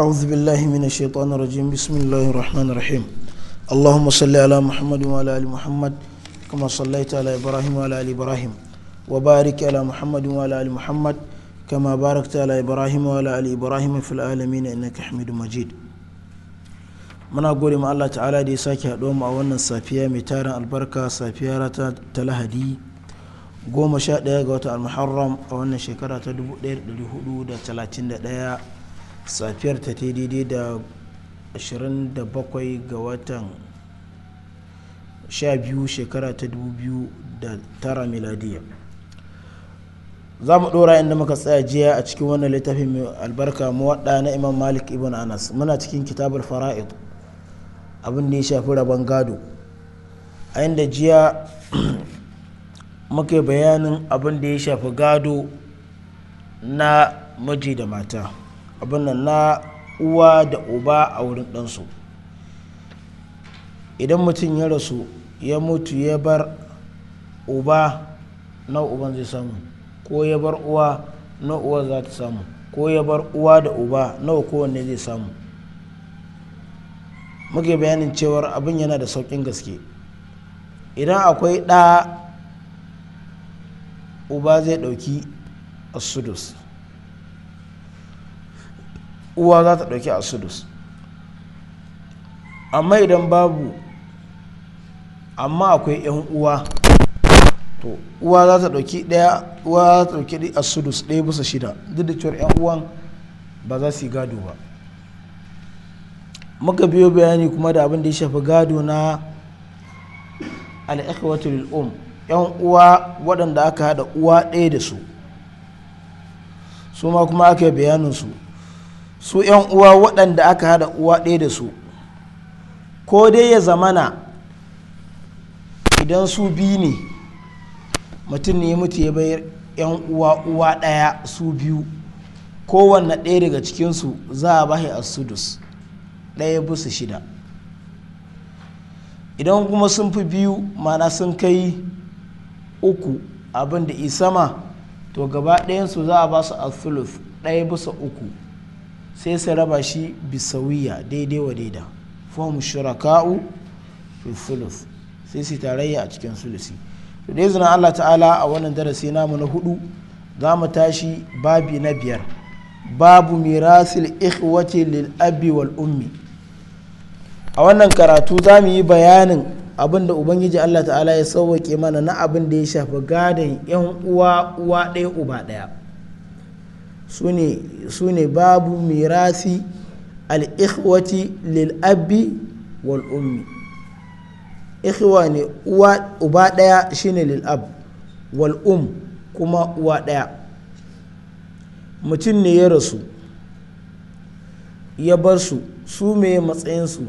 أعوذ بالله من الشيطان الرجيم بسم الله الرحمن الرحيم اللهم صل على محمد وعلى آل محمد كما صليت على إبراهيم وعلى آل إبراهيم وبارك على محمد وعلى آل محمد كما باركت على إبراهيم وعلى آل إبراهيم في العالمين إنك حميد مجيد من أقول ما الله تعالى دي ساكي sake haɗo السافية متارا البركة safiya mai tarin albarka safiya ta talahadi goma sha ɗaya ga watan almuharram a wannan shekara ta safiyar ta ta daidai da 27 ga watan 12 shekara ta 2009 miladiya za mu ɗora inda muka tsaya jiya a cikin wannan littafin mai albarka muwaɗa na imam malik ibn anas muna cikin kitabar fara'id abin da ya shafi rabon gado a inda jiya muke bayanin abin da ya shafi gado na miji da mata abin nan na uwa da uba a wurin ɗansu idan mutum ya rasu ya mutu ya bar uba na uban zai samu ko ya bar uwa na uwa za ta samu ko ya bar uwa da uba nawa kowanne zai samu muke bayanin cewar abin yana da sauƙin gaske idan akwai ɗa uba zai ɗauki asudus uwa za ta ɗauki a amma idan babu amma akwai 'yan uwa to uwa za ta ɗauki ɗaya uwa za ta ɗauki a ɗaya bisa shida duk da cewar 'yan uwan ba za su yi gado ba muka biyo bayani kuma da abin da ya shafi gado na al'ikhwatu um yan uwa waɗanda aka haɗa uwa ɗaya da su su ma kuma aka yi bayanin su su yan uwa waɗanda aka hada uwa ɗaya da su ko dai ya zamana idan su biyu ne mutum ne ya mutu ya bayar yan uwa uwa ɗaya su biyu kowanne ɗaya daga cikinsu za a bashi a sudus ɗaya bisa shida idan kuma sun fi biyu mana sun kai uku abin da isama to gaba ɗayansu za a ba su ɗaya bisa uku sai sai raba shi bisawiya daidai wa daida fom shuraka'u fi sulus sai su tarayya a cikin sulusi to dai Allah ta'ala a wannan darasi namu na hudu za mu tashi babi na biyar babu mirasil ikhwati lil abi wal ummi a wannan karatu za mu yi bayanin abin da ubangiji Allah ta'ala ya sauwake mana na abin da ya shafi gadon yan uwa uwa ɗaya uba ɗaya sune babu mirasi al'ikhwati lil'abbi wal'ummi ikhwa ne uba ɗaya shine lil'ab wal'um kuma uwa ɗaya mutum ne ya rasu ya bar su su me matsayinsu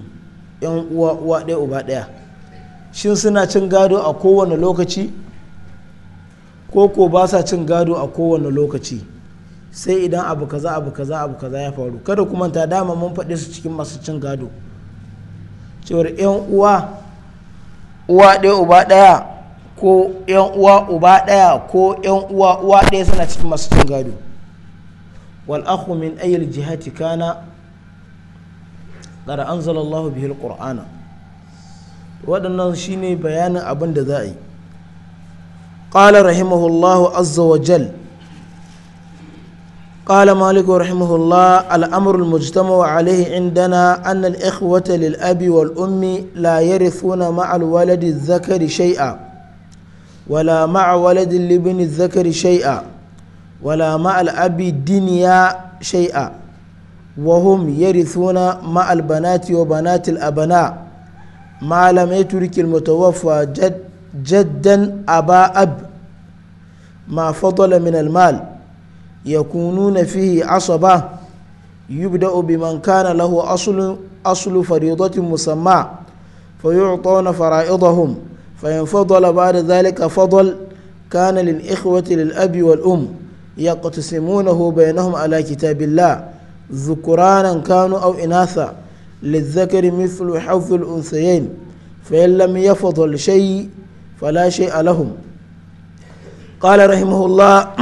yan uwa uwa ɗaya uba ɗaya shin suna cin gado a kowane lokaci ko ko ba sa cin gado a kowane lokaci sai idan abu kaza abu kaza abu kaza ya faru kada kuma ta dama mun faɗi su cikin masu cin gado cewar yan uwa uwa ɗaya uba ɗaya ko yan uwa uba ɗaya ko yan uwa uwa ɗaya suna cikin masu cin gado wal akhu min ayyil jihati kana qad anzala Allahu bihi waɗannan shine bayanin abin da za a yi qala rahimahullahu azza wa jalla قال مالك رحمه الله الأمر المجتمع عليه عندنا أن الإخوة للأب والأم لا يرثون مع الولد الذكر شيئا ولا مع ولد الابن الذكر شيئا ولا مع الأب الدنيا شيئا وهم يرثون مع البنات وبنات الأبناء ما لم يترك المتوفى جد جدا أبا أب ما فضل من المال يكونون فيه عصبة يبدأ بمن كان له أصل أصل فريضة مسمى فيعطون فرائضهم فإن فضل بعد ذلك فضل كان للإخوة للأب والأم يقتسمونه بينهم على كتاب الله ذكرانا كانوا أو إناثا للذكر مثل حظ الأنثيين فإن لم يفضل شيء فلا شيء لهم قال رحمه الله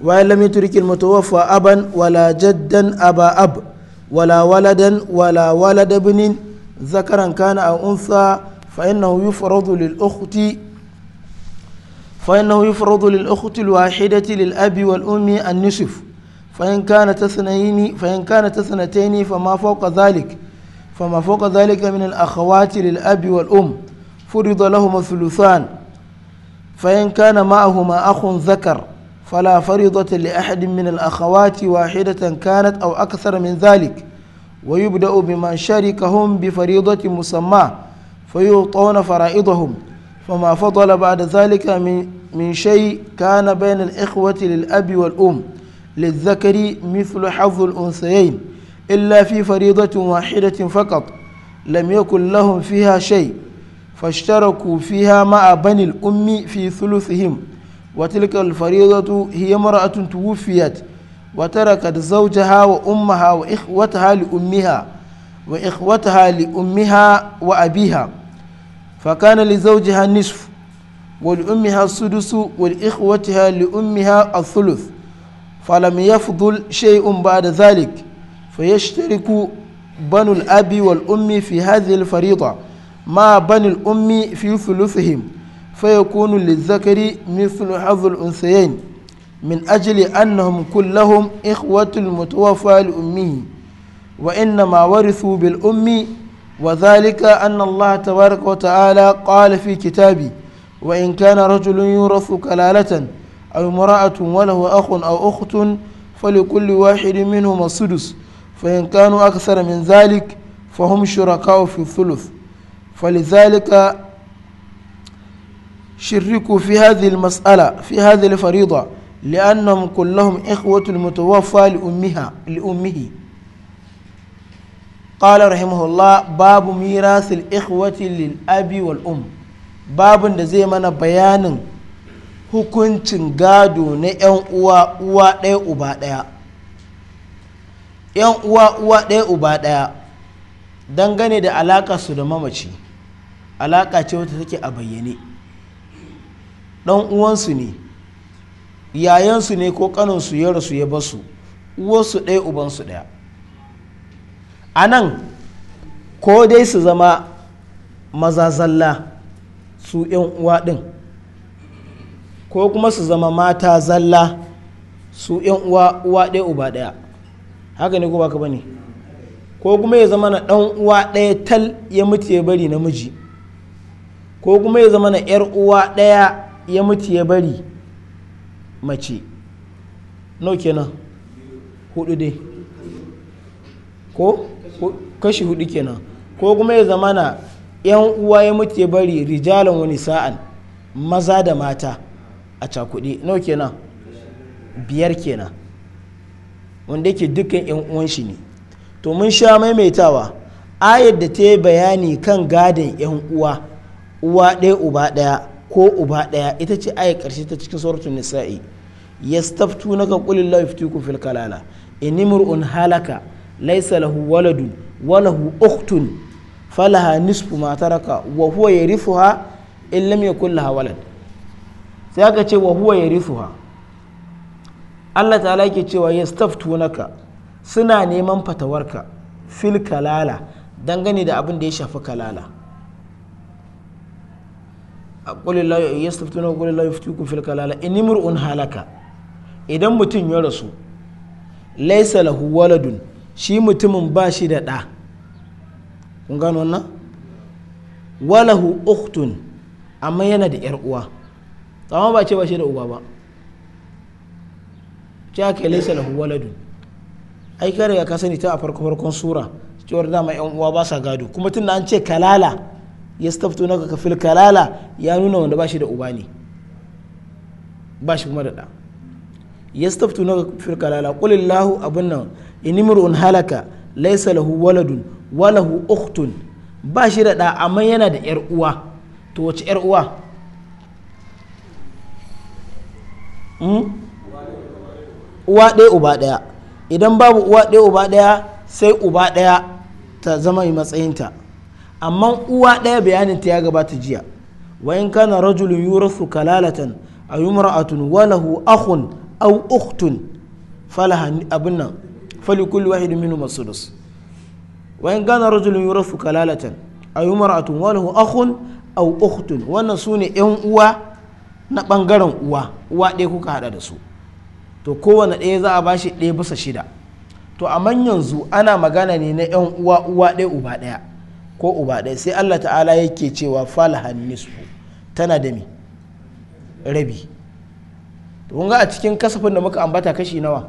waye lam yutrik al mutawaffa aban wala jaddan aba ab wala waladan wala walad ibnin zakaran kana aw untha fa innahu yufradu lil ukhti fa innahu yufradu lil ukhti al wahidati lil abi wal ummi an nisf fa in kana tathnayn fa in kana tathnatayn fa ma fawqa dhalik fa ma fawqa dhalika min al akhawati lil abi wal um فرض لهما ثلثان فإن كان معهما أخ ذكر فلا فريضة لأحد من الأخوات واحدة كانت أو أكثر من ذلك ويبدأ بمن شاركهم بفريضة مسمى فيعطون فرائضهم فما فضل بعد ذلك من, من شيء كان بين الإخوة للأب والأم للذكر مثل حظ الأنثيين إلا في فريضة واحدة فقط لم يكن لهم فيها شيء فاشتركوا فيها مع بني الأم في ثلثهم وتلك الفريضة هي امرأة توفيت وتركت زوجها وأمها وإخوتها لأمها وإخوتها لأمها وأبيها فكان لزوجها النصف ولأمها السدس ولإخوتها لأمها الثلث فلم يفضل شيء بعد ذلك فيشترك بنو الأب والأم في هذه الفريضة مع بني الأم في ثلثهم فيكون للذكر مثل حظ الأنثيين من أجل أنهم كلهم إخوة المتوفى لأمه وإنما ورثوا بالأم وذلك أن الله تبارك وتعالى قال في كتابه وإن كان رجل يورث كلالة أو امرأة وله أخ أو أخت فلكل واحد منهما السدس فإن كانوا أكثر من ذلك فهم شركاء في الثلث فلذلك شركوا في هذه المسألة في هذه الفريضة لأنهم كلهم إخوة المتوفى لأمها لأمه قال رحمه الله باب ميراث الإخوة للأب والأم باب da zai mana bayanin hukuncin gado na 'yan uwa uwa ɗaya uba ɗaya 'yan uwa uwa ɗaya uba ɗaya dangane da alaƙa su da mamaci alaƙa ce wata take a bayyane ɗan uwansu ne yayansu ne ko ƙaninsu ya rasu ya basu uwansu ɗaya ubansu ɗaya a nan ko dai su zama mazazalla su yan uwa ɗin ko kuma su zama mata zalla su yan uwa uwa ɗaya uba ɗaya haka ne ko baka bane ko kuma ya zama na ɗan uwa ɗaya tal ya mutu ya bari namiji ko kuma ya zama na 'yar uwa ɗaya ya mutu ya bari mace no kenan hudu dai ko kashi hudu kenan ko kuma ya zama na yan uwa ya mutu ya bari rijalan wani sa'an maza da mata a cakudi no kenan biyar kenan wanda yake dukkan yan uwan shi ne to mun sha maimaitawa ayar da ta yi bayani kan gadin yan uwa uwa ɗaya uba ɗaya ko uba ɗaya ita ce ayi ƙarshe ta cikin suratul nisa'i yastaftunaka qul illahu yuftikum fil kalala in halaka laysa lahu waladun wa lahu ukhtun falaha nisfu ma taraka wa huwa yarithuha in lam yakul laha walad sai aka ce wa huwa yarithuha Allah ta'ala yake cewa naka suna neman fatawarka fil kalala dangane da abin da ya shafi kalala qulillahu yastaftuna qulillahu yuftikum fil kalala in imru'un halaka idan mutum ya rasu laisa lahu waladun shi mutumin ba shi da ɗa kun gano wannan walahu uktun amma yana da yar uwa amma ba ce ba shi da uba ba ce aka laisa lahu waladun ai kare ka sani ta a farko farkon sura cewar dama yan uwa ba sa gado kuma tun da an ce kalala naka ka fil kalala ya nuna wanda ba shi da uba ne ba shi kuma da ɗa ka fil kalala qul illahu nan inimrun halaka laysa lahu waladun walahu ukhtun ba shi da ɗa amma yana da yar uwa to wace yar uwa hmm? uwa ɗaya uba ɗaya idan babu uwa ɗaya uba ɗaya sai uba ɗaya ta zama matsayinta amma uwa ɗaya bayanin ta ya gabata jiya wa in kana rajulun yurasu kalalatan a imra'atun wa lahu akhun aw ukhtun falaha abunna falikulli wahidin minu as-sudus wa in kana rajulun yurasu kalalatan a imra'atun wa lahu akhun aw ukhtun wannan su ne yan uwa na bangaren uwa uwa ɗaya kuka hada da su to kowane ɗaya za a bashi ɗaya bisa shida to amma yanzu ana magana ne na yan uwa uwa ɗaya uba ɗaya ko uba ɗaya sai Allah ta'ala yake cewa falahan nisfu tana da mi. rabi to kun ga a cikin kasafin da muka ambata kashi nawa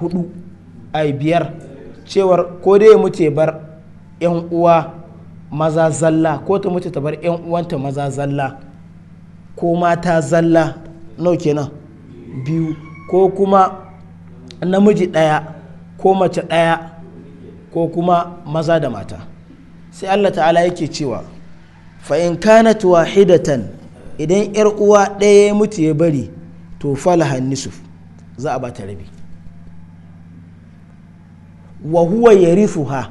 hudu ai biyar cewar ko dai mutu bar yan uwa maza zalla ko ta mutu ta bar yan uwanta maza zalla ko mata zalla nau kenan biyu ko kuma namiji ɗaya ko mace ɗaya ko kuma maza da mata sai Allah ta'ala yake cewa fa in kanat wahidatan idan yar uwa ɗaya ya mutu ya bari to falaha nisuf za a bata rabi wa huwa yarithuha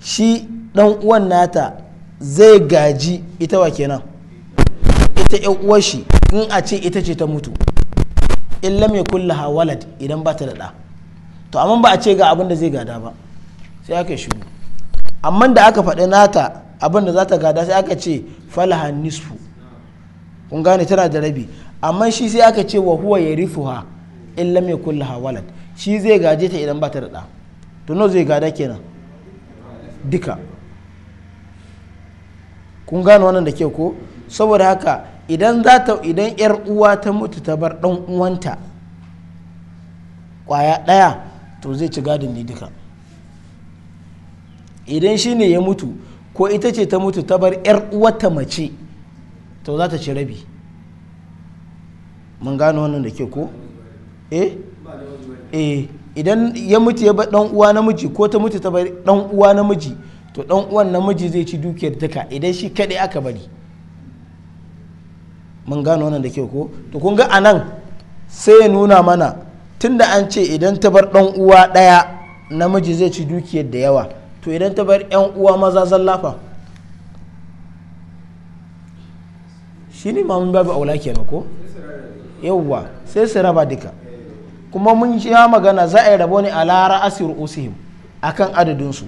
shi dan uwan nata zai gaji ita wa kenan ita yan uwar shi in a ce ita ce ta mutu in lam yakul laha walad idan bata ta da to amma ba a ce ga abin da zai gada ba sai aka yi shiru amma da aka faɗi nata abin da za ta gada sai aka ce falaha nisfu kun gane tana da rabi amma shi sai aka ce wa huwa ya rifuha in lam yakul laha walad shi zai gaje ta idan ba ta da ɗa to nawa zai gada kenan duka kun gane wannan da ke ko saboda haka idan za ta idan yar uwa ta mutu ta bar ɗan uwanta kwaya ɗaya to zai ci gadin ne duka idan shi ne ya mutu ko ita ce ta mutu ta bar 'yar wata mace to za ta ci rabi mun gano wannan da ke ko eh eh idan ya mutu ya bar dan uwa namiji ko ta mutu ta bar dan uwa namiji to dan uwan namiji zai ci dukiyar duka idan shi kadai aka bari mun gano wannan da ke ko to kun ga anan sai ya nuna mana tunda an ce idan ta bar dan uwa daya namiji zai ci dukiyar da yawa to idan ta bar yan uwa maza zallafa shi ne mamun babu aula kenan ko yawwa sai su raba duka kuma mun ya magana za a yi rabo ne a lara asir usihim kan adadinsu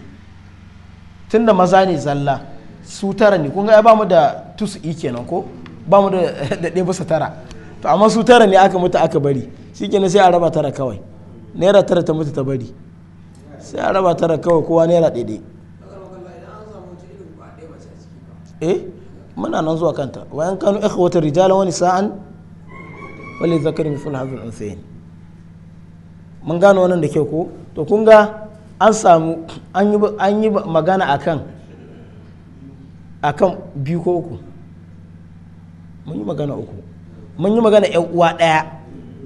da maza ne zalla su tara ne kun ga ba mu da tusu i kenan ko ba mu da daɗe bisa tara to amma su tara ne aka mutu aka bari shi kenan sai a raba tara kawai naira tara ta mutu ta bari sai a raba tara kawai kowa naira daidai eh muna nan zuwa kanta wayan kanu wata rijalan wani sa'an wali zakari mithul hadhil unthayn mun gano wannan da kyau ko to kun ga an samu an yi magana akan akan biyu ko uku mun yi magana uku mun yi magana yan uwa daya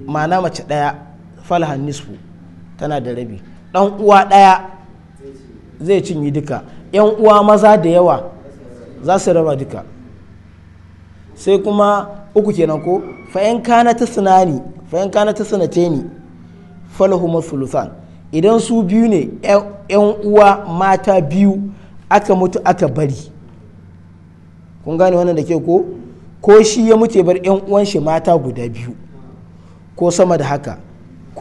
ma'ana mace daya falhan nisfu tana da rabi ɗan uwa ɗaya zai cinye duka yan uwa maza da yawa za su raba duka sai kuma uku kenan ko fa'in kana ta sinani fa'in kana ta sinate ni falahumar idan su biyu ne yan uwa mata biyu aka mutu aka bari kun gane wannan da ke ko ko shi ya mutu bar yan uwan shi mata guda biyu ko sama da haka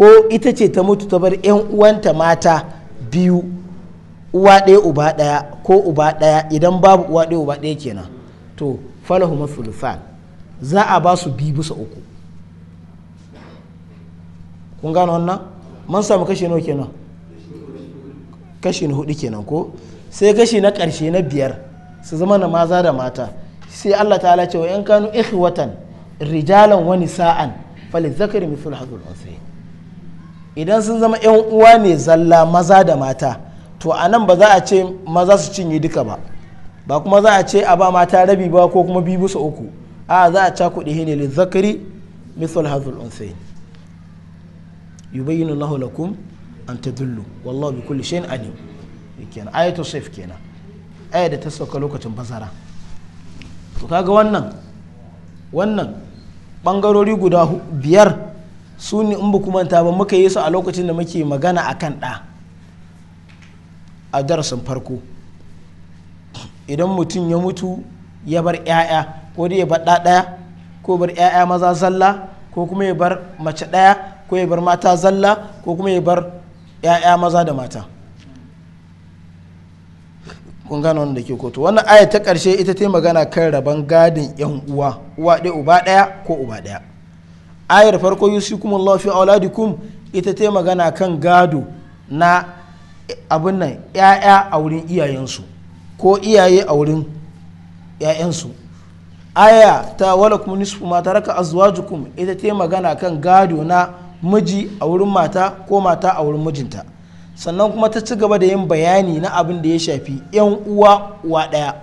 ko ita ce ta mutu ta bar 'yan uwanta mata biyu uwa ɗaya uba ɗaya ko uba ɗaya idan babu uwa ɗaya uba ɗaya kenan to falahu mafulufan za a ba su biyu bisa uku kun gano wannan man samu kashi nawa kenan kashi na hudu kenan ko sai kashi na ƙarshe na biyar su zama na maza da mata sai Allah ta'ala cewa yan kanu ikhwatan rijalan wani sa'an falizakari mithlu hadhul unsayyin idan sun zama 'yan uwa ne zalla maza da mata to a nan ba za a ce maza su cinye duka ba ba kuma za a ce a ba mata rabi ba ko kuma bi bisa uku a za a ca kuɗi hini li zakari mithal hazul unsayin yubayyinu lahu lakum an tadullu wallahu bi kulli shay'in alim kenan ayatu sayf kenan aya da ta sauka lokacin bazara to kaga wannan wannan bangarori guda biyar su ne in ba ku manta ba muka yi su a lokacin da muke magana a kan ɗa a darasin farko idan mutum ya mutu ya bar 'ya'ya ko dai ya bar ɗa ɗaya ko bar 'ya'ya maza zalla ko kuma ya bar mace ɗaya ko ya bar mata zalla ko kuma ya bar 'ya'ya maza da mata kun gane wanda da ke koto wannan aya ta ƙarshe ita ta magana kan rabon gadin 'yan uwa uwa ɗaya uba ɗaya ko uba ɗaya ayar farko yusikum Allah fi auladikum ita ta magana kan gado na abin nan ‘ya'ya a wurin iyayensu ko iyaye a wurin ‘ya'yansu aya ta wala kuma nisfu ma taraka azwajukum ita ta magana kan gado na miji a wurin mata ko mata a wurin mijinta sannan kuma ta ci gaba da yin bayani na abin da ya shafi ‘yan uwa uwa ɗaya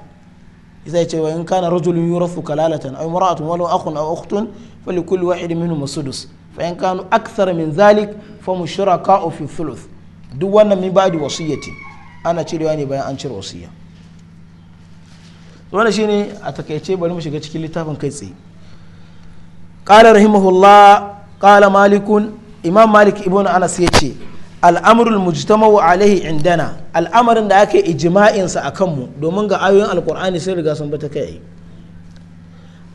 zai ce wa in kana rajulun yurafu kalalatan ay mar'atun walau akhun aw ukhtun fali kulli wa hidi minu masudus fa yan kanu akisar min zalik fa mu shura ka ofi duk wannan mi baadi wasu yati ana cirewa ne bayan an cire wasu ya wani shi ne a takaice bari mu shiga cikin littafin kai tsaye ƙala rahimahullah ƙala malikun imam malik ibo na ana siya ce al'amurin mu jita mawu alayhi indana al'amarin da aka yi ijima'insa a kanmu domin ga ayoyin alƙur'ani sai riga sun bata kai yi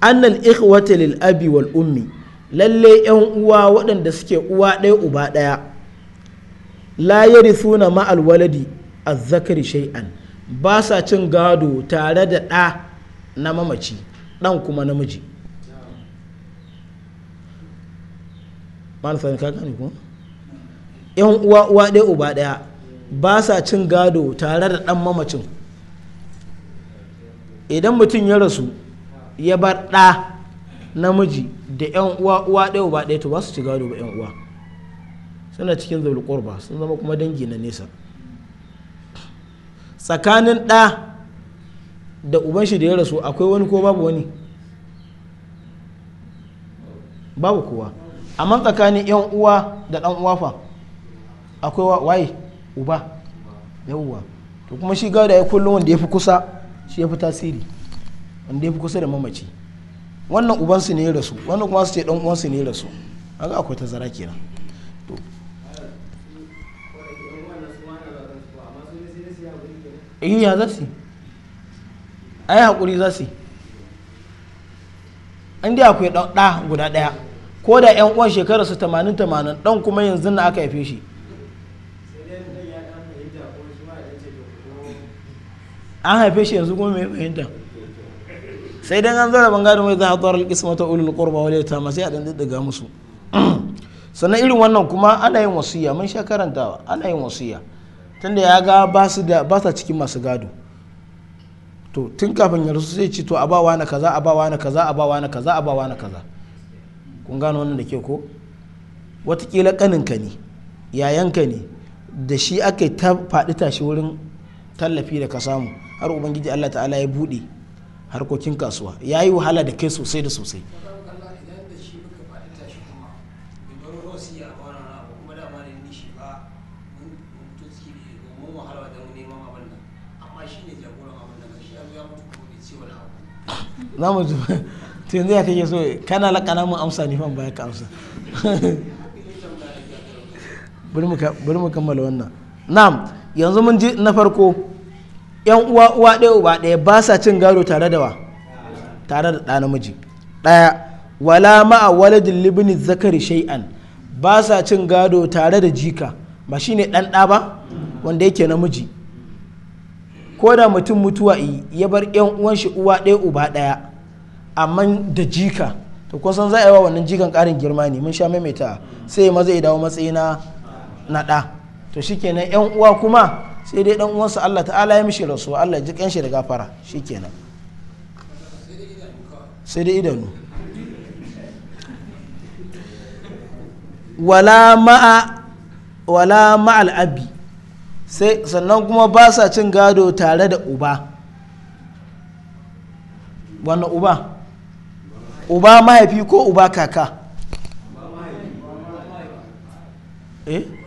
annal ikhwata lil abi wal ummi lalle yan uwa waɗanda suke uwa ɗaya uba ɗaya la yarithuna al waladi zakari shay'an ba sa cin gado tare da ɗa na mamaci ɗan kuma namiji yan uwa uwa ɗaya uba ɗaya ba sa cin gado tare da ɗan mamacin idan mutum ya rasu ya bar ɗa namiji da yan uwa uwa ɗaya ba ɗaya to ba su ci gado ba yan uwa suna cikin zulukur ba sun zama kuma dangi na nesa tsakanin ɗa da uban shi da ya rasu akwai wani ko babu wani babu kowa amma tsakanin yan uwa da ɗan uwa fa akwai waye uba yawwa to kuma shi gado ya kullum wanda ya fi kusa shi ya fi tasiri in dai kusa da mamaci wannan ubansu ne ya rasu wannan kuma su ce dan uwansu ne ya rasu ga akwai tazara kenan to eh ya za su ai hakuri za su an dai akwai da guda ɗaya ko da yan uwan shekarar su 80 80 dan kuma yanzu na aka haife shi an haife shi yanzu kuma mai fahimta sai dai an zara ban gado mai za a hadar ta ulul qurba ta ta sai a dan diddiga musu sannan irin wannan kuma ana yin wasiya mun sha karantawa ana yin wasiya tunda ya ga ba su da ba sa cikin masu gado to tun kafin ya su sai ci to a ba wani kaza a ba wani kaza a ba wani kaza a ba wani kaza kun gano wannan da ke ko watakila kaninka ne yayanka ne da shi aka ta faɗi tashi wurin tallafi da ka samu har ubangiji allah ta'ala ya buɗe harkokin kasuwa ya yi wahala da kai sosai da sosai za mu ji yanzu ya kake so kana lakana mun amsa ne fan baya ka amsa bari mu kammala wannan na'am yanzu mun ji na farko yan uwa uwa ɗaya uba ɗaya ba sa cin gado tare da wa tare da ɗa namiji ɗaya wala ma'a waladin libni zakari shay'an ba sa cin gado tare da jika ba shine ɗan ɗa ba wanda yake namiji ko da mutum mutuwa ya bar yan uwan shi uwa ɗaya uba ɗaya amma da jika to kun san za a yi wa wannan jikan ƙarin girma ne mun sha maimaita sai maza ya dawo matsayi na na ɗa to shikenan yan uwa kuma sai dai dan uwansa Allah ta'ala ya mishi rasuwa Allah ya ji kanshi da gafara shikenan sai dai idanu wala ma'a wala ma'al abi sai sannan kuma ba sa cin gado tare da uba wannan uba uba mahaifi ko uba kaka eh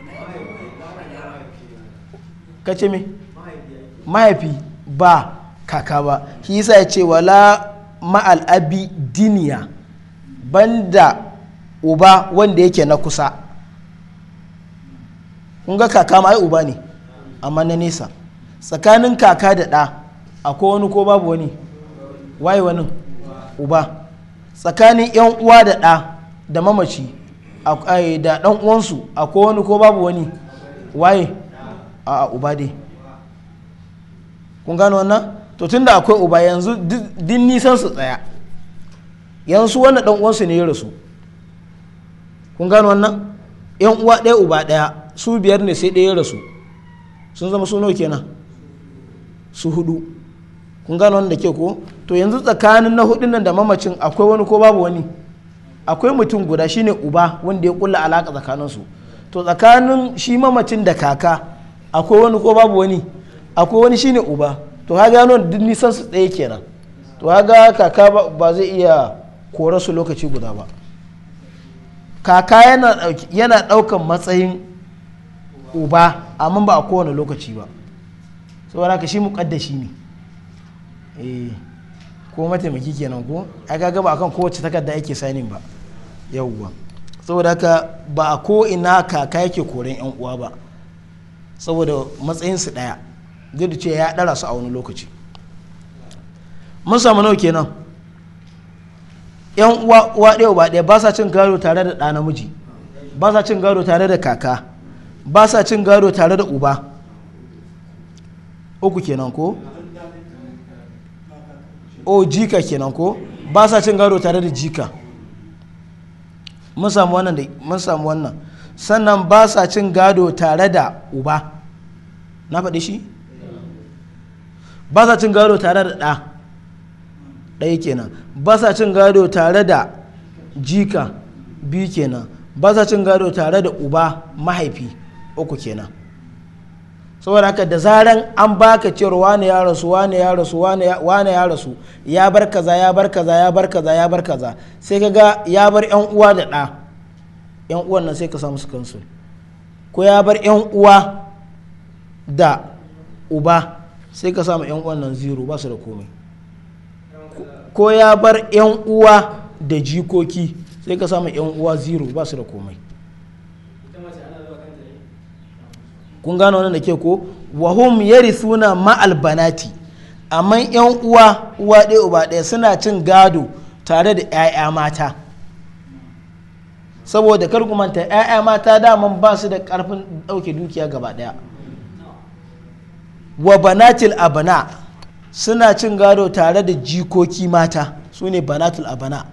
ka ce me mahaifi ba kaka ba shi yasa ya ce wala ma'al abi diniya banda uba wanda yake na kusa kun ga kaka ma ai uba ne amma na nesa tsakanin kaka da ɗa akwai wani ko babu wani waye wani uba tsakanin yan uwa da ɗa da mamaci da ɗan uwansu akwai wani ko babu wani waye a uba dai kun gano wannan to tunda akwai uba yanzu din nisan su tsaya yanzu wannan dan uwansu ne ya rasu kun gano wannan yan uwa ɗaya uba ɗaya su biyar ne sai ɗaya ya rasu sun zama su nawa kenan su hudu kun gano wannan da ke ko to yanzu tsakanin na hudun nan da mamacin akwai wani ko babu wani akwai mutum guda shine uba wanda ya kulla alaka tsakaninsu to tsakanin shi mamacin da kaka akwai wani ko babu wani akwai wani shine uba to ha gano duk nisan su daya kenan to ha ga kaka ba zai iya kora su lokaci guda ba kaka yana ɗaukan matsayin uba amma ba a kowane lokaci ba saboda ka shi muƙaddashi ne eh ko mataimaki kenan ko ai ga ba akan kowace takarda ake sanin ba yawwa saboda haka ba a ko ina kaka yake koren yan uwa ba saboda matsayinsu ɗaya zai da ce ya ɗara su a wani lokaci mun samu nau kenan yan uwa ɗaya uba ɗaya ba sa cin gado tare da ɗa namiji ba sa cin gado tare da kaka ba sa cin gado tare da uba uku kenan ko o jika kenan ko ba sa cin gado tare da jika mun samu wannan sannan ba sa cin gado tare da uba na faɗi shi ba sa cin gado tare da ɗa ɗaya kenan ba sa cin gado tare da jika biyu kenan ba sa cin gado tare da uba mahaifi uku kenan saboda haka da zaren an baka cewar wane ya rasu wane ya rasu wane ya rasu ya bar kaza ya bar kaza ya bar kaza ya bar kaza sai ka ga ya bar yan uwa da ɗa yan uwan nan sai ka samu su kansu ko ya bar yan uwa da uba sai ka samu yan uwan nan zero ba su da komai ko ya bar yan uwa da jikoki sai ka samu yan uwa zero ba su da komai kun gano wannan da ke ko wahum yari suna ma'al banati amma yan uwa uwa ɗaya uba ɗaya suna cin gado tare da 'ya'ya mata saboda kar 'yaya ƴaƴa mata daman ba su da karfin ɗauke dukiya gaba ɗaya wa banatil abana suna cin gado tare da jikoki mata su ne banatul abana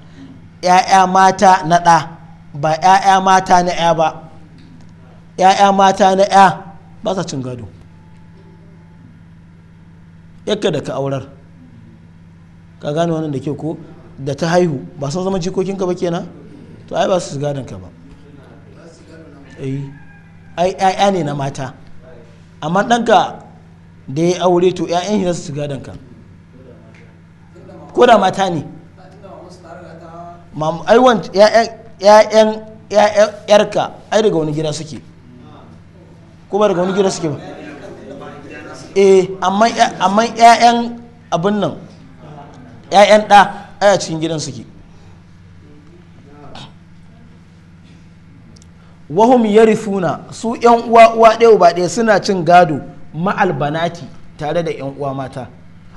‘ya'ya mata na ɗa ba ‘ya'ya mata na ‘ya ba ‘ya'ya mata na ‘ya ba sa cin gado yakka da ka aurar ka gane wannan da ke ko da ta haihu ba san zama jikokinka ba kenan to ai ba su gadon ka ba eh, ai ai ne na mata amma ɗanka da ya aure to ƴaƴan shi za su gadon ka ko da mata ne ai ‘ya'yan ‘yarka ai daga wani gida suke ko ba daga wani gida suke ba eh amma ƴaƴan abin nan ƴaƴan ɗa ai a cikin gidan suke wahum yarithuna su yan uwa uwa ɗaya uba ɗaya suna cin gado ma'al banati tare da yan uwa mata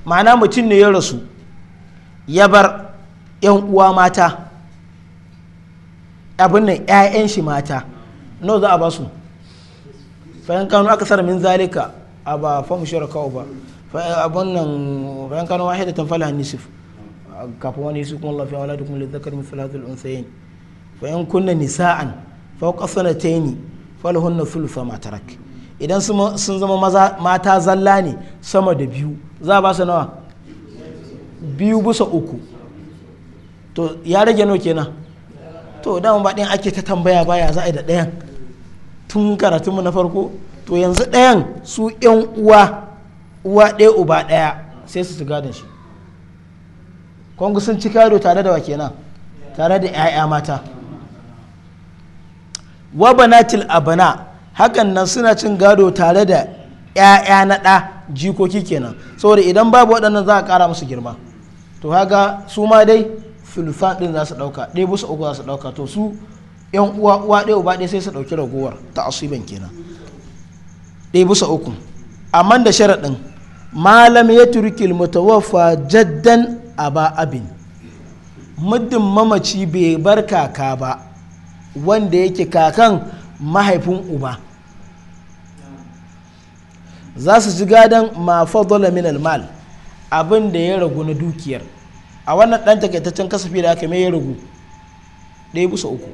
ma'ana mutum ne ya rasu ya bar yan uwa mata abin nan 'ya'yan shi mata no za a ba su fayan kanu akasar min zalika a ba famu fam shuraka ba abin nan fayan kanu ta fala nisif kafin wani su kuma lafiya wala dukkan lizzakar min salatul unsayin fayan kunna nisa'an fauka sanataini falahunna thulutha ma tarak idan sun zama mata zalla ne sama da biyu za a ba su nawa biyu bisa uku to ya rage nawa kenan to dama ba ɗin ake ta tambaya baya za a yi da ɗayan tun karatunmu na farko to yanzu ɗayan su yan uwa uwa ɗaya uba ɗaya sai su su gadon shi kwangu sun ci karo tare da wa kenan tare da 'ya'ya mata wa banatil abana hakan nan suna cin gado tare da ‘ya'ya na ɗa jikoki kenan saboda idan babu waɗannan za a ƙara musu girma to haga su ma dai filfan ɗin za su ɗauka ɗai busa uku za su ɗauka to su ‘yan uwa uwa ɗai uba ɗaya sai su ɗauki ragowar ta asiban kenan ɗai busa uku amma da sharaɗin malam ya turkil mutawaffa jaddan aba abin muddin mamaci bai bar kaka ba wanda yake kakan mahaifin uba za su ji gadon mafadola fadala min almal abin da ya ragu na dukiyar a wannan dan takaitaccen kasafi da aka mai ya ragu ɗaya bisa uku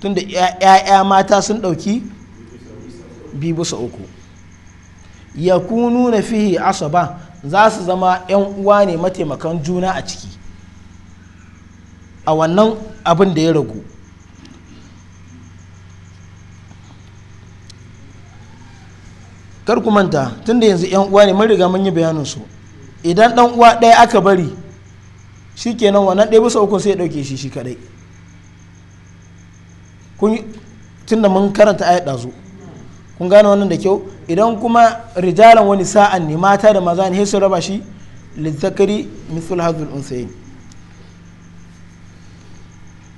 tunda ‘ya'ya mata sun ɗauki biyu bisa uku ya kunu na fihi asaba za su zama ‘yan uwa ne mataimakan juna a ciki a wannan abin da ya ragu kar ku manta tunda yanzu yan uwa ne mun riga mun yi bayanin su idan dan uwa ɗaya aka bari shikenan wannan ɗaya bisa uku sai ya ɗauke shi shi kadai kun tunda mun karanta ayat dazu kun gane wannan da kyau idan kuma rijalan wani sa'an ne mata da maza ne su raba shi zakari misul hadhul unsayin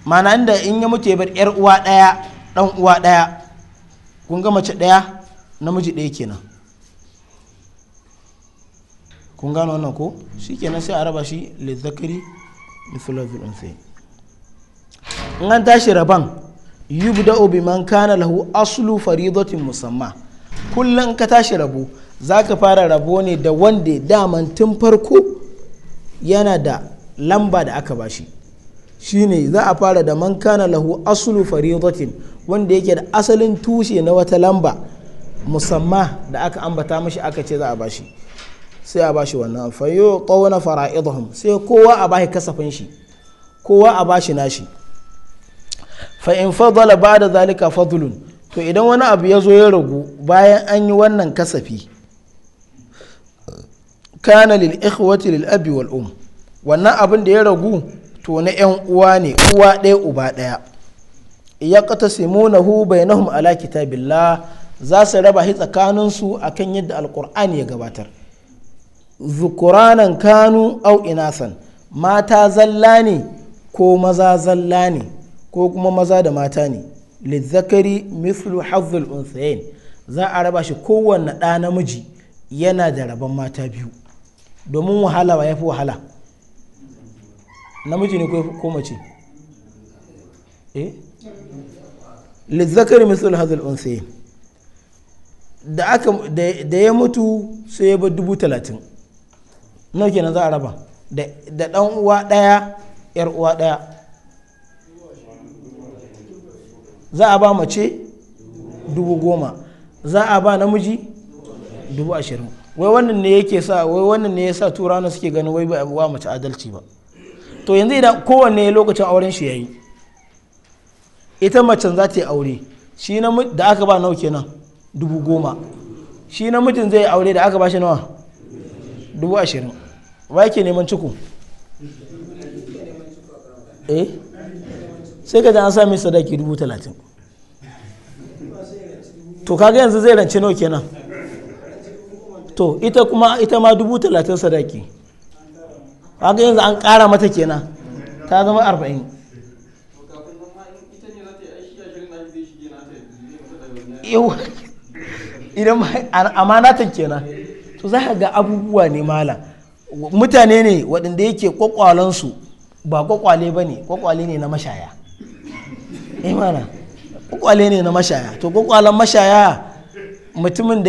mana inda in ya muke bar yar uwa ɗaya dan uwa ɗaya kun ga mace ɗaya namiji ɗaya kenan kun gano wannan ko shi kenan sai a raba shi da mifilovin unfe in an tashi raban obi man kana lahu aslu faridotin musamman kullum ka tashi rabo za ka fara rabo ne da wanda daman tun farko yana da lamba da aka bashi shine za a fara da man kana lahu aslu faridotin wanda yake da asalin tushe na wata lamba musamma da aka ambata mashi aka ce za a bashi sai a bashi wannan fayo ƙauna fara'idun sai kowa a bashi kasafin shi kowa a bashi nashi fa in fadala ba da zalika fadlun to idan wani abu ya zo ya ragu bayan an yi wannan kasafi kana lil ikhwati lil abi wal um wannan abin da ya ragu to na yan uwa ne uwa ɗaya uba ɗaya ya qatasimunahu bainahum ala kitabillah za su raba shi tsakaninsu a kan yadda alkur'ani ya gabatar zukuranan kanu au inasan mata zalla ne ko maza zalla ne ko kuma maza da mata ne lizzakari mislu hazzul unsayin za a raba shi kowanne ɗa namiji yana da rabon mata biyu domin wahala wa ya fi wahala namiji ne ko mace eh lizzakari mislu hazzul unsayin da aka da ya mutu sai ya bar dubu talatin nau kenan za a raba da dan uwa daya yar uwa daya za a ba mace dubu goma za a ba namiji dubu ashirin wai wannan ne yake sa wai wannan ne ya yasa turana suke ganin wai ba wa mace adalci ba to yanzu idan kowanne lokacin auren shi ya yi ita macen za ta yi aure shi da aka ba nau kenan dubu goma shi namijin zai aure da aka bashi nawa dubu ashirin wa yake neman ciku eh sai ka an sami sadaki dubu talatin to kaga yanzu zai rance nawa kenan to ita kuma ita ma dubu talatin sadaki kaga yanzu an kara mata kenan ta zama arba'in yau idan amanatan kenan to za ka ga abubuwa ne mala mutane ne waɗanda yake kwakwalansu ba kwakwale ba ne kwakwale ne na mashaya imana eh, kwakwale ne na mashaya to kwakwalan mashaya mutumin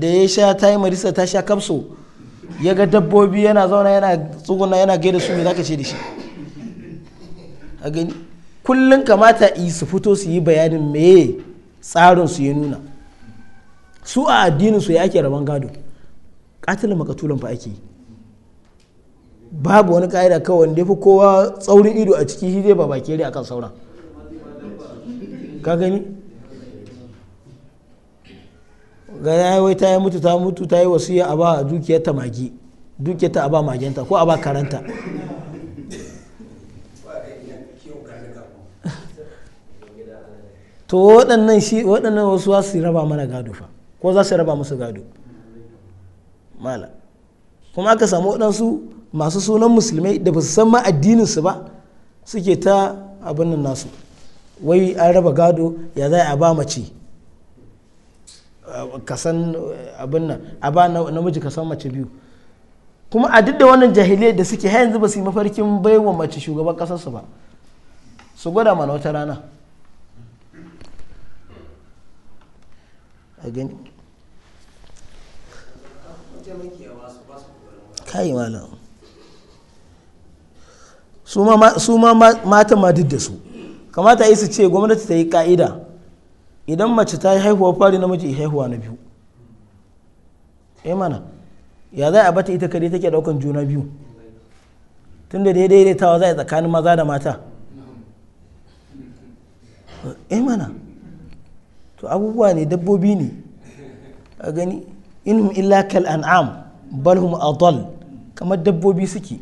da ya sha ta yi marisa ta sha kapso ya ga dabbobi yana zauna yana tsuguna yana gaida su me za ka ce da shi a gani kullum kamata su fito su yi bayanin meye tsarin su ya nuna su a addinin su ya ke rabon gado katilin makatulan fa ake babu wani ka'ida kawai wanda ya fi kowa tsaurin ido a ciki shi zai ba baki a kan sauran ka gani ga ya wai ta yi mutu ta mutu ta yi wasiya a ba dukiyar ta magi dukiyar ta a ba magenta ko a ba karanta to waɗannan wasu wasu raba mana gado fa ko za su raba musu gado mala kuma aka samu waɗansu masu sunan musulmai da ba su san ma addininsu ba suke ta abin nan nasu wai an raba gado ya za a ba mace kasan eh, abin nan a ba namiji kasan mace biyu kuma a duk da wannan jahiliyar da suke yanzu ba su yi mafarkin baiwa mace shugaban su ba su gwada mana wata rana kai malam su ma mata ma duk da su kamata yi su ce gwamnati ta yi ka'ida idan mace ta yi haihuwa fari namiji haihuwa na biyu eh mana ya za a bata ita kare take daukan juna biyu tunda da daidaitawa za a tsakanin maza da mata eh mana to abubuwa ne dabbobi ne a gani inhum illa kal an'am bal hum adall kamar dabbobi suke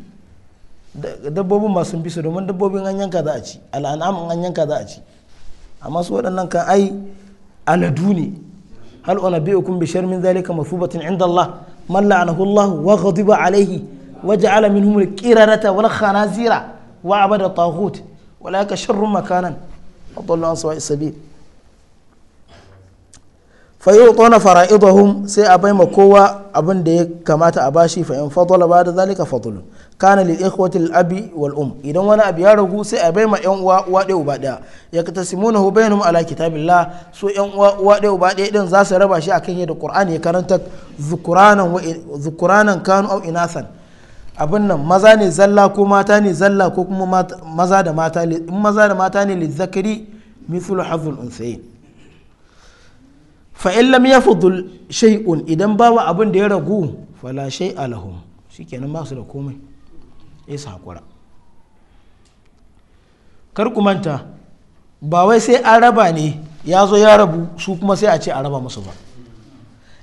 dabbobin ba sun bi domin dabbobin an yanka za a ci al'an'am an yanka za a ci amma su waɗannan kan ai aladu ne hal ona bi ukun bi sharmin zalika mathubatin inda Allah man la'anahu Allah wa ghadiba alaihi wa ja'ala minhum al-qirarata wal khanazira wa abada taghut wa laka sharrun makanan adallu an sawa'i sabil fayu tsona fara'idahum sai a baima kowa abin da ya kamata a bashi fa in fadala ba da zalika fadlu kana lil ikhwati al abi wal um idan wani abu ya ragu sai a baima yan uwa uwa ɗaya uba ɗaya ya katasimunahu bainum ala kitabillah su yan uwa uwa ɗaya uba ɗaya din za su raba shi akan yadda qur'ani ya karanta zukuranan wa zukuranan kanu au inasan abin nan maza ne zalla ko mata ne zalla ko kuma maza da mata in maza da mata ne lizzakari mithlu hazul unsayin fa lam ya fudul shay'un idan babu abin da ya ragu fala shay alahum shikenan ba su da komai ya sa hakura kar ku manta ba wai sai an raba ne ya zo ya rabu su kuma sai a ce a raba musu ba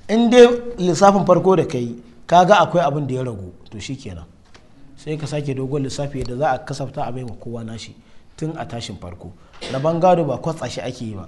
in dai lissafin farko da kai ga akwai abin da ya ragu to shikenan sai ka sake dogon lissafi da za a kasafta a bai kowa nashi tun a tashin farko ban gado ba kwatsa shi ake yi ba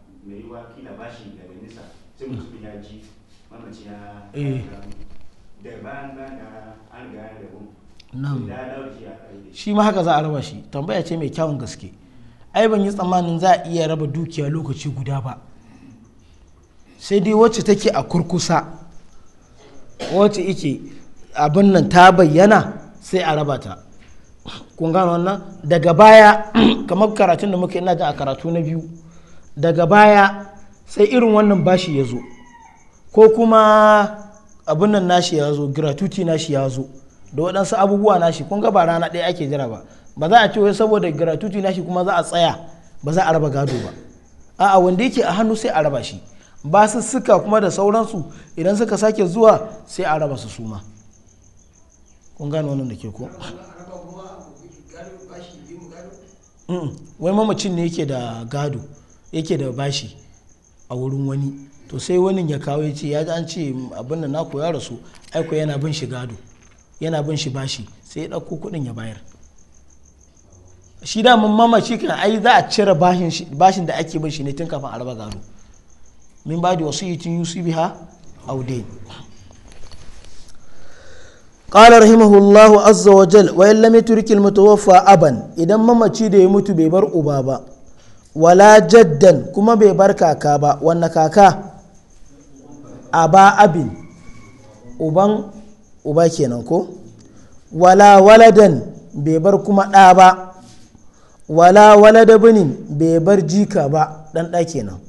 mai kila bashi daga nisa sai mm. mutum ya ji mamaci ya eh. da da an da gun shi ma haka za a raba shi tambaya ce mai kyawun gaske ai ban yi tsammanin za a iya raba dukiya lokaci guda ba sai dai wacce take a kurkusa wacce ike abin nan ta bayyana sai a raba ta kun wannan daga baya kamar karatun da muka ina da a karatu na biyu daga baya sai irin wannan bashi ya zo ko kuma abin nan nashi ya zo gratuity nashi ya zo da waɗansu abubuwa nashi kun ga ba rana ɗaya ake jira ba ba za a ce wai saboda gratuity nashi kuma za a tsaya ba za a raba gado ba a'a wanda yake a hannu sai a raba shi ba su suka kuma da sauransu idan suka sake zuwa sai a raba su suma kun gane wannan da ke ko wai mamacin ne yake da gado yake da bashi a wurin wani to sai wani ya kawo ya ce ya ji an ce abin da naku ya rasu aiko yana bin shi gado yana bin shi bashi sai ya ɗauko kuɗin ya bayar shi da mun mamaci kan ai za a cire bashin da ake bin shi ne tun kafin a raba gado min ba da wasu yitin yusu biha audain قال رحمه الله عز وجل وإن لم يترك المتوفى أبا إذا mutu bai يموت uba أبابا wala jaddan kuma bai bar kaka ba wannan kaka aba abin uban uba kenan ko wala waladan bai bar kuma ɗa ba wala walada binin bai bar jika ba ɗan ɗa kenan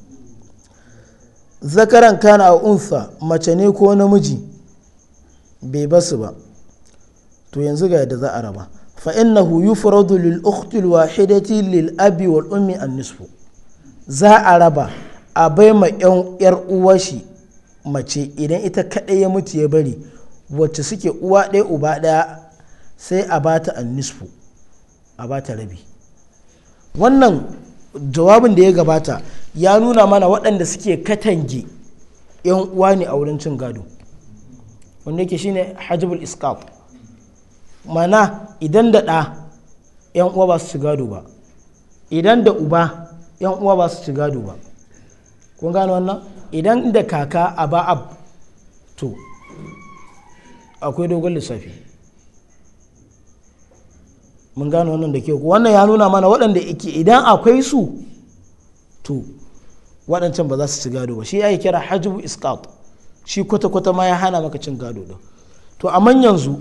zakaran kana a unsa mace ne ko namiji bai basu ba to yanzu ga yadda za a raba فإنه يفرض للأخت الواحدة للأب والأم النصف za a raba a bai ma ‘yar shi mace idan ita kaɗai ya mutu ya bari wacce suke uwa ɗaya uba ɗaya sai a ba ta annisfu a ba ta rabi wannan jawabin da ya gabata ya nuna mana waɗanda suke katange ‘yan uwa ne a wurin cin gado wanda yake shine hajjibul iskaf mana idan da ɗa yan uwa ba su ci gado ba idan da uba yan uwa ba su ci gado ba kun gano wannan idan da kaka a ab to akwai dogon lissafi mun gano wannan da ke wannan ya nuna mana waɗanda ke idan akwai su to waɗancan ba za su ci gado ba shi ya yi kira hajjibu iskat shi kwata-kwata ma ya hana maka cin gado ɗin to amma yanzu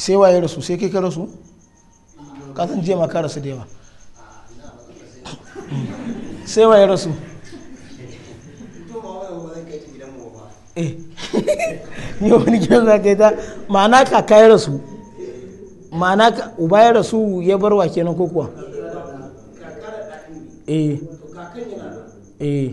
sai waye rasu sai kai ka rasu ka san jiya ma ka rasu da yawa sai waye rasu eh ni wani gidan za ka yi ta ma'ana ka kai rasu ma'ana uba ya rasu ya bar wa kenan ko eh eh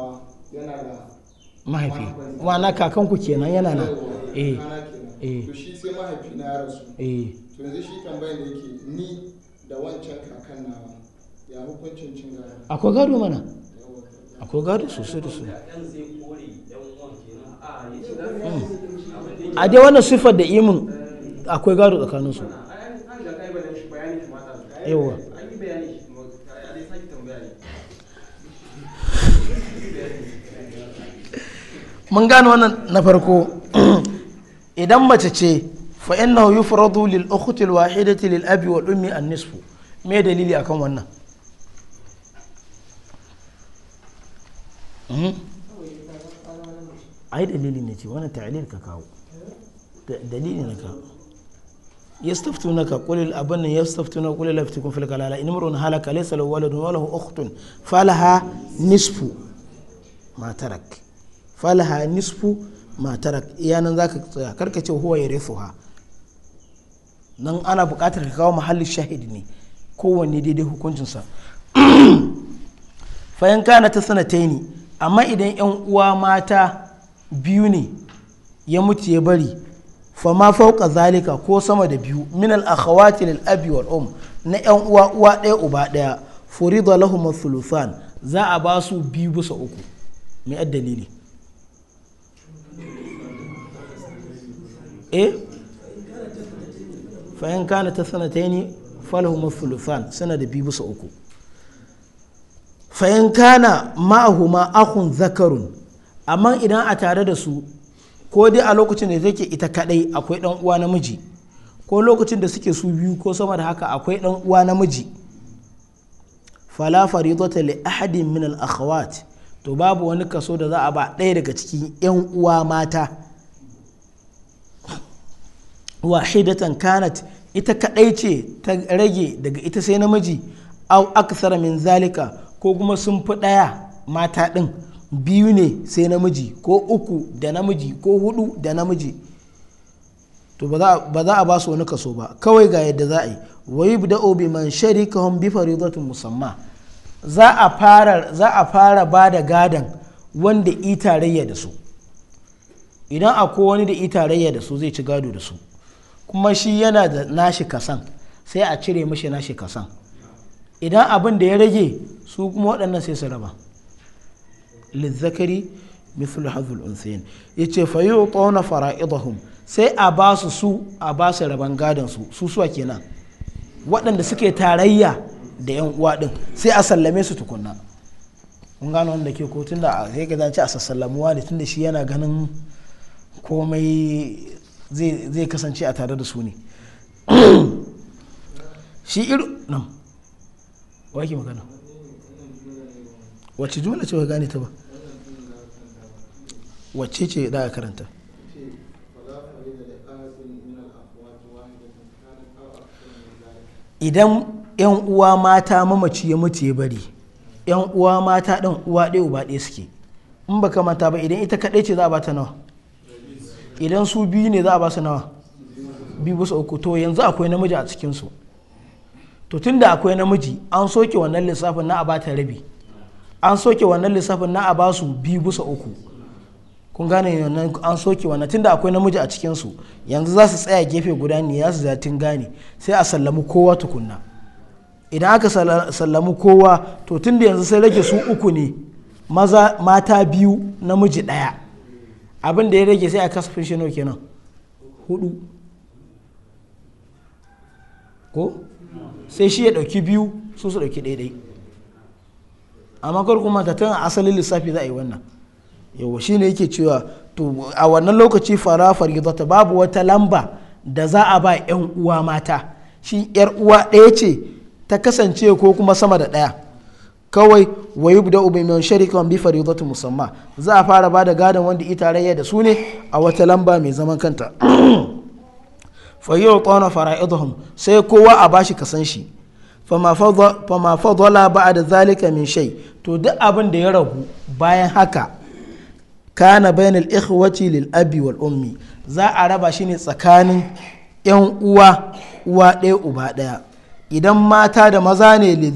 mahaifi ma'ana kakanku kenan yana nan eh eh, eh. shi sai mahaifi na ya rasu eh to yanzu shi tambayar da yake ni da wancan kakan ya akwai gado mana akwai gado sosai da su a dai wannan siffar da imin akwai gado tsakaninsu yawa mun gane wannan na farko idan mace ce fa innahu yufradu lil ukhti al wahidati lil abi wa ummi an nisfu me dalili akan wannan hmm? ai dalili ne ce wannan ta'lil ka kawo dalili ne ka يستفتونك قل الأبن يستفتونك قل لا يفتكم في الكلالة إن امرؤ هلك ليس له ولد وله أخت فلها نصف ما ترك falaha nisfu ma iyanan zaka tsaya karka ce huwa ha nan ana bukatar ka kawo mahallin shahid ne kowanne daidai hukuncinsa fayanka kana ta sanataini amma idan yan uwa mata biyu ne ya mutu ya bari fama fauka zalika ko sama da biyu min al akhawati lil abi wal um na yan uwa uwa daya uba daya furida lahum thuluthan za a ba su biyu bisa uku me dalili e fa'in kana ta sanatai ne falahu mafulufan sana da biyu bisa uku fayanka kana ma'ahuma ma'ahun zakarun amma idan a tare da su ko dai a lokacin da take ita kadai akwai dan uwa namiji ko lokacin da suke su biyu ko sama da haka akwai dan uwa namiji fala faridata li ahadin min al akhawat to babu wani kaso da za a ba ɗaya daga cikin yan uwa mata wahidatan kanat ita kadai ce ta rage daga ita sai namiji au aksara min zalika ko kuma sun fi daya mata din biyu ne sai namiji ko uku da namiji ko hudu da namiji to ba za a ba su wani kaso ba kawai ga yadda za a yi bi yubda'u bi man sharikahum bi faridatin musamma za a fara za a fara ba da gadan wanda i tarayya da su idan akwai wani da i da su zai ci gado da su kuma shi yana da nashi kasan sai a cire mashi nashi kasan idan abin da ya rage su kuma waɗannan sai su raba lizzakari mithlu hazul unsayin ce fa yu'tuna fara'idahum sai a ba su su a ba su raban gadon su su suwa kenan waɗanda suke tarayya da yan uwa din sai a sallame su tukunna kun gano wanda ke ko tunda sai ga zance a sassallamuwa ne tunda shi yana ganin komai zai kasance a tare da su ne shi iru nan waki magana wacce jumla ce wa gane ta ba wacce ce da karanta idan yan uwa mata mamaci ya mutu ya bari yan uwa mata ɗan uwa ɗaya uba ɗaya suke in baka mata ba idan ita kaɗai ce za a bata nawa idan su biyu ne za a ba su nawa biyu bisa uku to yanzu akwai namiji a cikinsu to tunda akwai namiji an soke wannan lissafin na a ba ta rabi an soke wannan lissafin na a ba su biyu bisa uku kun gane wannan an soke wannan tunda akwai namiji a cikinsu yanzu za su tsaya gefe guda ne ya su zatin gane sai a sallamu kowa tukunna idan aka sallamu kowa to tunda yanzu sai rage su uku ne maza mata biyu namiji ɗaya abin da ya rage sai a kasafin shi nauke nan hudu ko sai shi ya dauki biyu su su dauki daidai amma kar kuma ta tana asalin lissafi za a yi wannan yawa shi ne yake cewa to a wannan lokaci fara fargizata babu wata lamba da za a ba 'yan uwa mata shi 'yar uwa ɗaya ce ta kasance ko kuma sama da ɗaya kawai wa da bi man sharikan bi faridatu musamma za a fara bada gadon wanda ita rayya da su ne a wata lamba mai zaman kanta fa yu'tana fara'idhum sai kowa a bashi kasan shi fa ma ba ba da zalika min shai to duk abin da ya ragu bayan haka kana bainal ikhwati lil abi wal ummi za a raba shi ne tsakanin yan uwa uwa ɗaya uba ɗaya idan mata da maza ne lil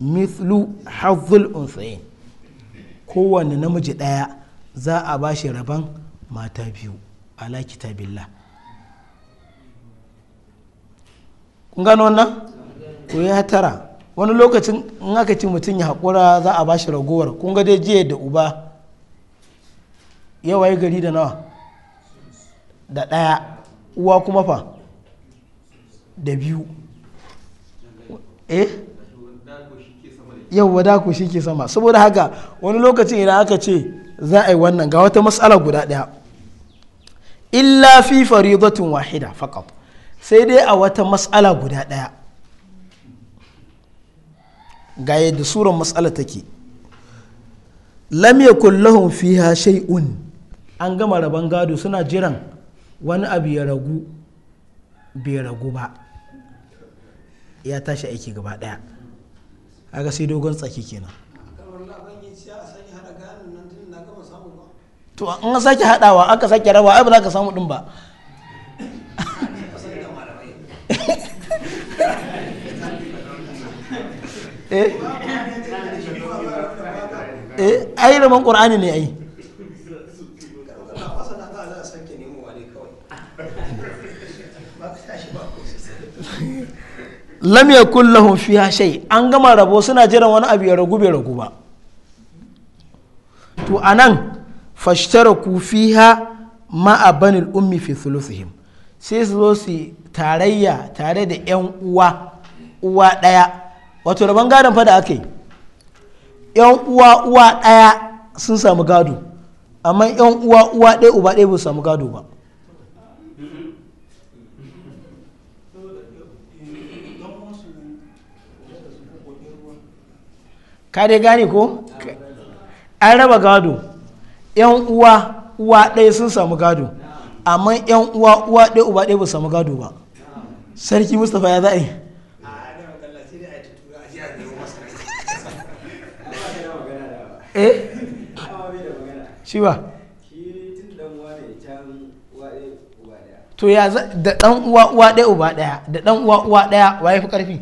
mithlu hazzul unsayin kowane namiji ɗaya za a ba shi rabon mata biyu ala kitabillah kun gano wannan ko ya tara wani lokacin in aka ci mutum ya haƙura za a ba shi ragowar kun ga dai jiya da uba yawa yi gari da nawa da ɗaya uwa kuma fa da biyu eh yau wada ku shi ke sama saboda haka wani lokacin idan aka ce za a yi wannan ga wata matsala guda ɗaya illa fi faridatun wahida faqat sai dai a wata matsala guda ɗaya ga yadda suran matsala take lam yakul lahum fiha shay'un an gama rabon gado suna jiran wani abu ya ragu bai ragu ba ya tashi aiki gaba ɗaya aga sai dogon tsaki kenan to an sake hadawa aka sake rawa ai ba za ka samu din ba eh? eh ai raman qur'ani ne ai lam yakul lahum fiha shay an gama rabo suna jiran wani abu ya ragu bai ragu ba to anan fashtaraku fiha ma abanil ummi fi thuluthihim sai su zo su tarayya tare da yan uwa uwa daya wato rabon gadon fa da yan uwa uwa daya sun samu gado amma yan uwa uwa daya uba daya ba samu gado ba ka dai gane ko an raba gado yan uwa uwa ɗaya sun samu gado amma yan uwa uwa ɗaya uba ɗaya ba samu gado ba sarki mustapha ya za'i eh? shi ba to ya da dan uwa uwa ɗaya uba ɗaya da dan uwa uwa ɗaya waye fi ƙarfi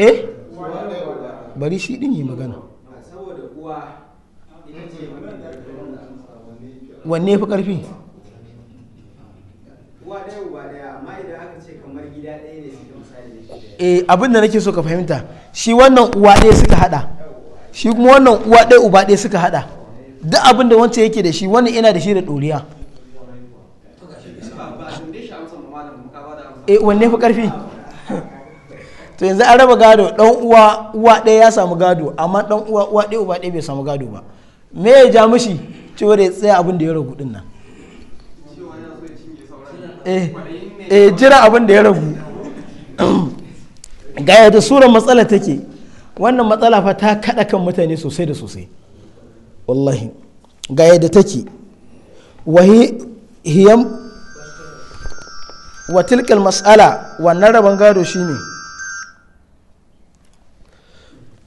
eh bari shi din yi magana wanne fi karfi e eh, abin da nake so ka fahimta shi wannan uwa ɗaya suka hada shi kuma wannan uwa ɗaya uba ɗaya suka hada duk abin da wancan yake da shi wannan ina da shi da ɗoriya e wanne fi karfi to yanzu an raba gado dan uwa uwa ɗaya ya samu gado amma dan uwa uwa ɗaya uba ɗaya bai samu gado ba me ya ja mishi cewa da ya tsaya abin da ya ragu din nan eh, eh jira abin da ya ragu ga yadda sura matsala take wannan matsala fa ta kaɗa kan mutane sosai da sosai wallahi ga yadda take wa tilkal mas'ala wannan rabon gado shine ne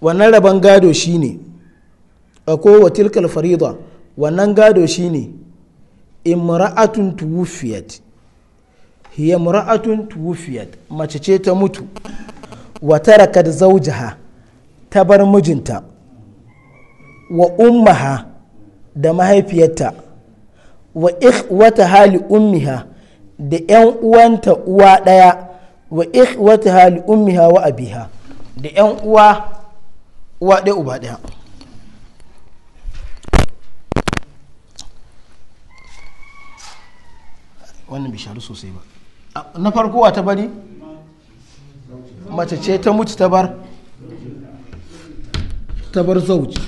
wannan rabon gado shine ko wa tilkal farida wannan gado shine imra'atun tuwufiyat hiya imra'atun tuwufiyat mace ce ta mutu wa tarakat zaujaha ta bar mijinta wa ummaha da mahaifiyarta wa ikhwata hali ummiha da 'yan uwanta uwa daya wa ikhwata hali ummiha wa abiha da 'yan uwa uwa ɗaya uba ɗaya wannan bai sharu sosai ba na farko wa ta bari mace ce ta mutu ta bar ta bar zauci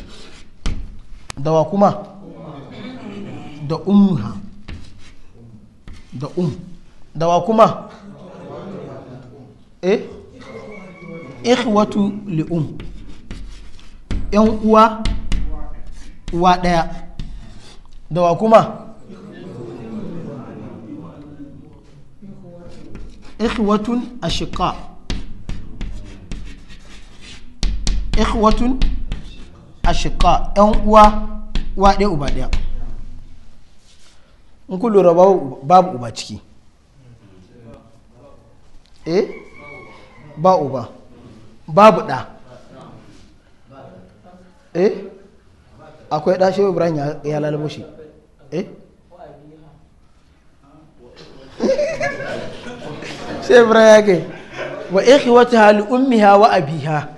da wa kuma da umha da um da wa kuma eh ikhwatu li um 'yan uwa uwa ɗaya da wa kuma ikhwatun ashiqa ikhwatun ashiqa 'yan uwa uwa ɗaya uba ɗaya in ku lura babu uba ciki eh ba uba babu ɗa eh akwai ɗashe ibrahim ya lalabo shi eh sai ibrahim ya ke wa wata hali ummiha wa abiha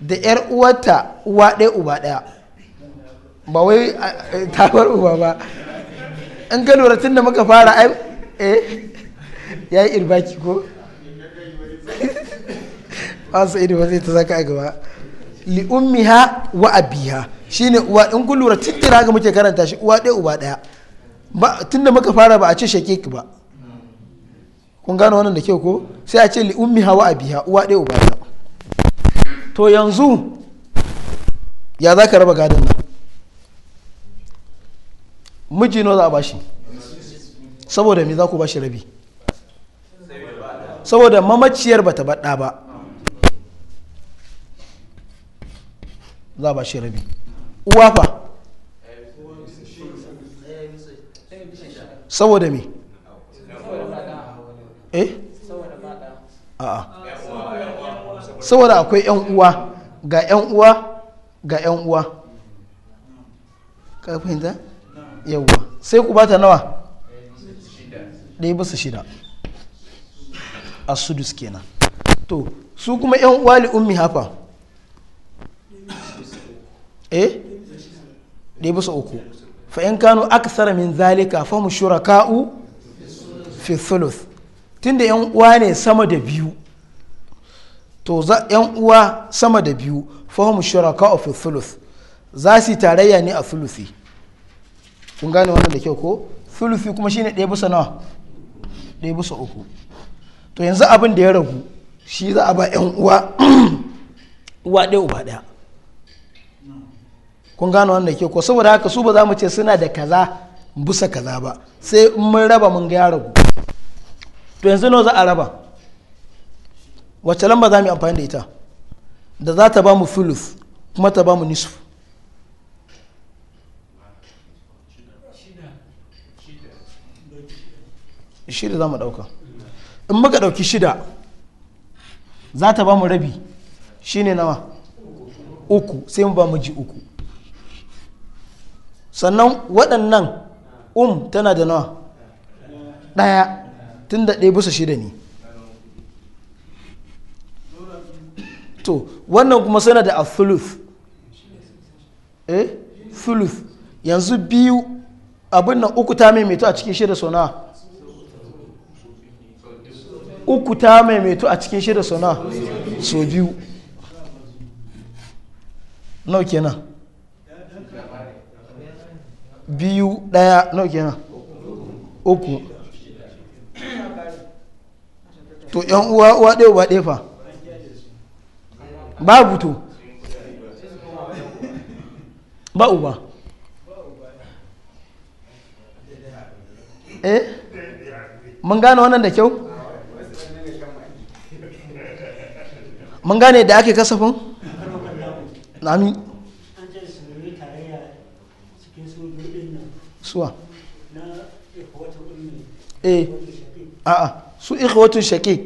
da yar uwata uwa ɗaya uba ɗaya ba wai tabar uba ba in ka lura tun da muka fara ai eh ya yi irbaki ko ba su ido ba zai ta zaka a gaba li ummiha wa abiha shine uwa in kun lura tun tira ga muke karanta shi uwa ɗaya uba ɗaya ba tunda muka fara ba a ce shakik ba kun gano wannan da kyau ko sai a ce li ummiha wa abiha uwa ɗaya uba ɗaya to yanzu ya za ka raba gadon nan miji nawa za a bashi saboda me za ku bashi rabi saboda mamaciyar bata baɗa ba za ba shi rabi uwa fa saboda me eh a'a saboda akwai yan uwa ga yan uwa ga yan uwa ka fahimta yawwa sai ku bata nawa ɗaya bisa shida a sudus kenan to su kuma yan uwa li ummi hafa eh ɗaya bisa uku fa in aka tsara min zalika fa mu shuraka'u fi thuluth tun yan uwa ne sama da biyu to yan uwa sama da biyu fa mu shuraka'u fi thuluth za su tarayya ne a thuluthi kun gane wannan da kyau ko thuluthi kuma shine ɗaya bisa nawa ɗaya bisa uku to yanzu abin da ya ragu shi za a ba yan uwa uwa ɗaya uba ɗaya kun gano wannan ke ko saboda haka su ba za mu ce suna da kaza busa kaza ba sai mun raba mun ga ragu to yanzu nawa za a raba wacce lamba za mu amfani da ita da za ta ba mu filus kuma ta ba mu nisu shida za mu ɗauka in muka ɗauki shida za ta ba mu rabi shine nawa uku sai mu ba mu ji uku sannan waɗannan um tana da nawa ɗaya tun da ɗaya bisa shida ne to wannan kuma suna da a fuluf eh fuluf yanzu biyu abin nan uku ta maimaito a cikin shida sona uku ta maimaito a cikin shida sona so biyu nau kenan biyu daya nau kenan uku to yan uwa uwa ɗaya uba ɗaya fa babu to ba uba eh mun gane wannan da kyau mun gane da ake kasafin nami suwa eh a su ikhwatun shaqiq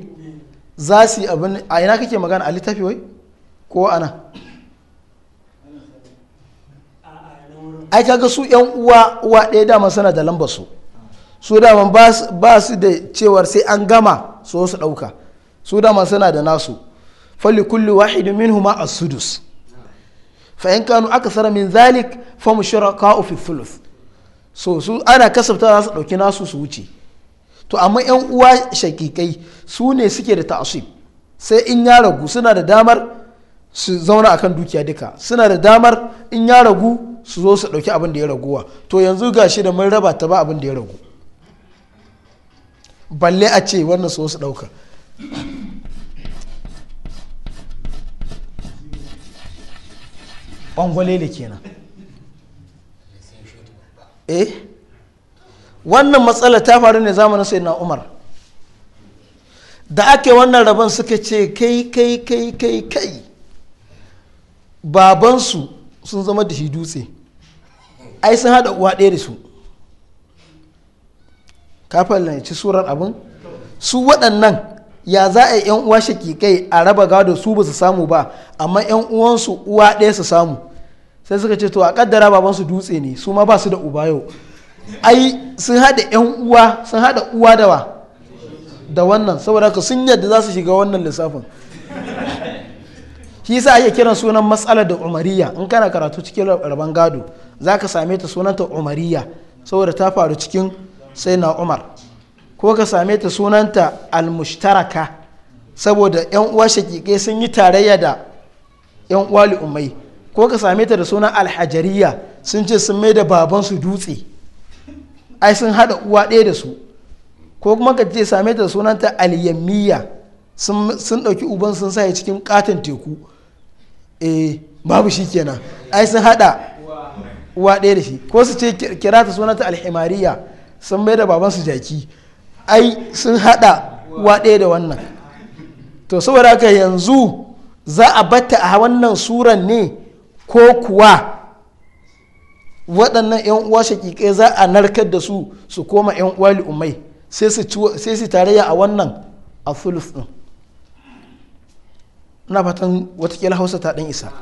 za su abin a ina kake magana a littafi wai ko ana ai kaga su yan uwa uwa ɗaya dama suna da lambar su su dama ba su da cewar sai an gama so su ɗauka su dama suna da nasu falli kulli wahidin minhuma a sudus fa in kanu akthara min zalik fa mushraka fi thuluth so su ana kasafta za su ɗauki nasu su wuce to amma yan uwa shakikai su ne suke da ta'asib sai in ya ragu suna da damar su zauna akan dukiya duka suna da damar in ya ragu su zo su ɗauki abin da ya raguwa to yanzu gashi da mun raba ta ba abin da ya ragu balle a ce wannan su su ɗauka kenan eh wannan matsala ta faru ne zamanin sai na umar da ake wannan rabon suka ce kai kai kai kai kai babansu sun zama da shi dutse ai sun haɗa uwa ɗaya da su kafin na ci surar abin su waɗannan ya za a yan uwa shakikai a raba gado su ba su samu ba amma yan uwansu uwa ɗaya su samu sai suka ce to a kaddara baban su dutse ne su ma ba su da uba yau ai sun hada yan uwa sun hada uwa da wa da wannan saboda ka sun yadda za su shiga wannan lissafin shi sa ake kiran sunan matsalar da umariya in kana karatu cikin rabon gado za ka same ta sunanta umariya saboda ta faru cikin sai na umar ko ka same ta sunanta almushtaraka saboda yan uwa shakikai sun yi tarayya da yan uwa umai ko ka same ta da sunan alhajariya sun ce sun mai da babansu dutse ai sun haɗa uwa ɗaya da su ko kuma ka ce same ta da sunanta alyammiya sun ɗauki uban sun sa cikin katon teku eh babu shi kenan ai sun haɗa uwa ɗaya da shi ko su ce kira ta sunanta alhimariya sun mai da babansu jaki ai sun haɗa uwa ɗaya da wannan to saboda haka yanzu za a batta a wannan suran ne ko kuwa waɗannan 'yan uwa shakikai za a narkar da su su koma 'yan uwa umai sai su tarayya a wannan a fulus ɗin na fatan watakila hausa ta ɗan isa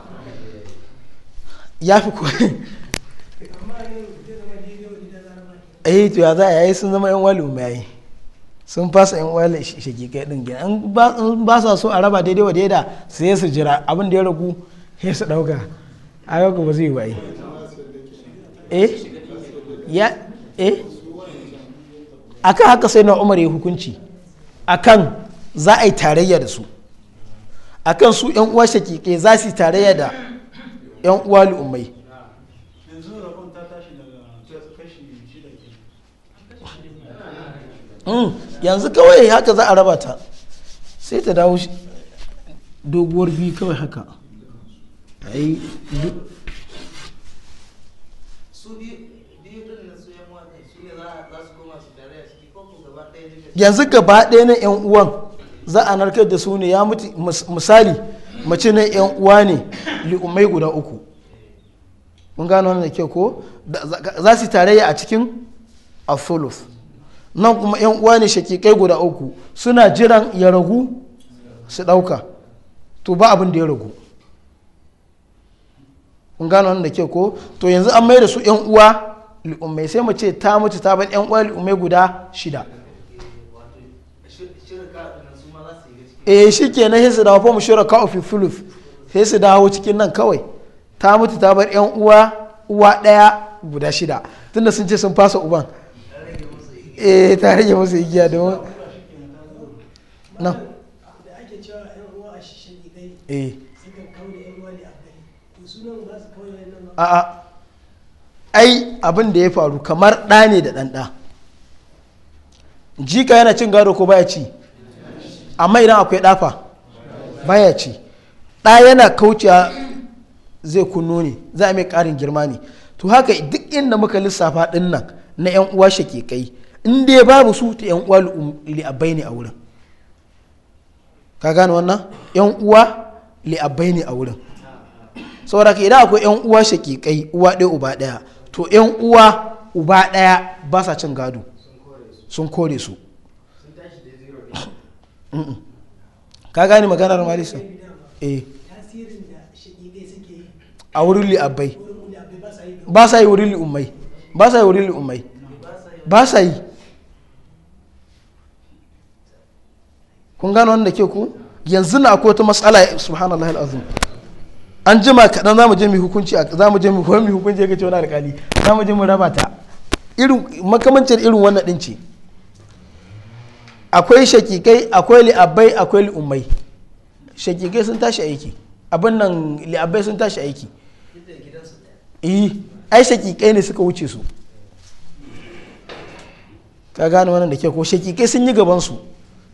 ya fi kuwa eh to ya za a yayi sun zama 'yan uwa li'ummai sun fasa yan uwa shakikai ɗin gina ba sa so a raba daidai wa daida sai su jira abin da ya ragu sai su ɗauka a yau ba zai waye eh ya eh akan haka sai na umar ya hukunci akan za a yi tarayya da su akan su yan uwa shakike za su tarayya da yan uwa al'ummai hmm, yanzu kawai haka za a raba ta sai ta dawo doguwar biyu kawai haka ai duk yanzu gaba ɗaya na 'yan uwan za a narkar da su ne ya mutu misali mace na 'yan uwa ne li'ummai guda uku mun gano wannan da ke ko za su tarayya a cikin afuluf nan kuma 'yan uwa ne shakikai guda uku suna jiran ya ragu su ɗauka to ba abin da ya ragu kun gano wannan da ke ko to yanzu an mai da su yan uwa li'ummai sai mu ce ta mutu ta bar yan uwa li'ummai guda shida eh shi ke na hisa dawo mu shura ka ofi fuluf sai su dawo cikin nan kawai ta mutu ta bar yan uwa uwa daya guda shida tunda sun ce sun fasa uban eh ta rage musu igiya domin nan eh a'a ai abin da ya faru kamar ɗa ne da ɗanɗa jika yana cin gado ko baya ci amma idan akwai ɗafa baya ci ɗa yana kaucewa zai kunno ne za a mai ƙarin girma ne to haka duk inda muka lissafa ɗin nan na 'yan uwa shake kai in dai babu su ta 'yan uwa li'abbai ne a wurin ka gane wannan 'yan uwa li'abbai ne a wurin saboda idan akwai yan uwa shakikai uwa ɗaya uba ɗaya to yan uwa uba ɗaya ba sa cin gado sun kore su ka gane maganar malisa eh a wurin li'abbai ba sa yi wurin li'ummai ba sa yi wurin li'ummai ba sa yi kun gano wanda ke ku yanzu na akwai wata matsala subhanallah al'azim an jima kaɗan za mu je mu hukunci za mu je mu koyi mu hukunci ga ce wani alƙali za mu je mu raba ta irin makamancin irin wannan ɗin ce akwai shakikai akwai li'abbai akwai li'ummai shakikai sun tashi aiki abin nan li'abbai sun tashi aiki eh ai shakikai ne suka wuce su ka gane wannan da ke ko shakikai sun yi gaban su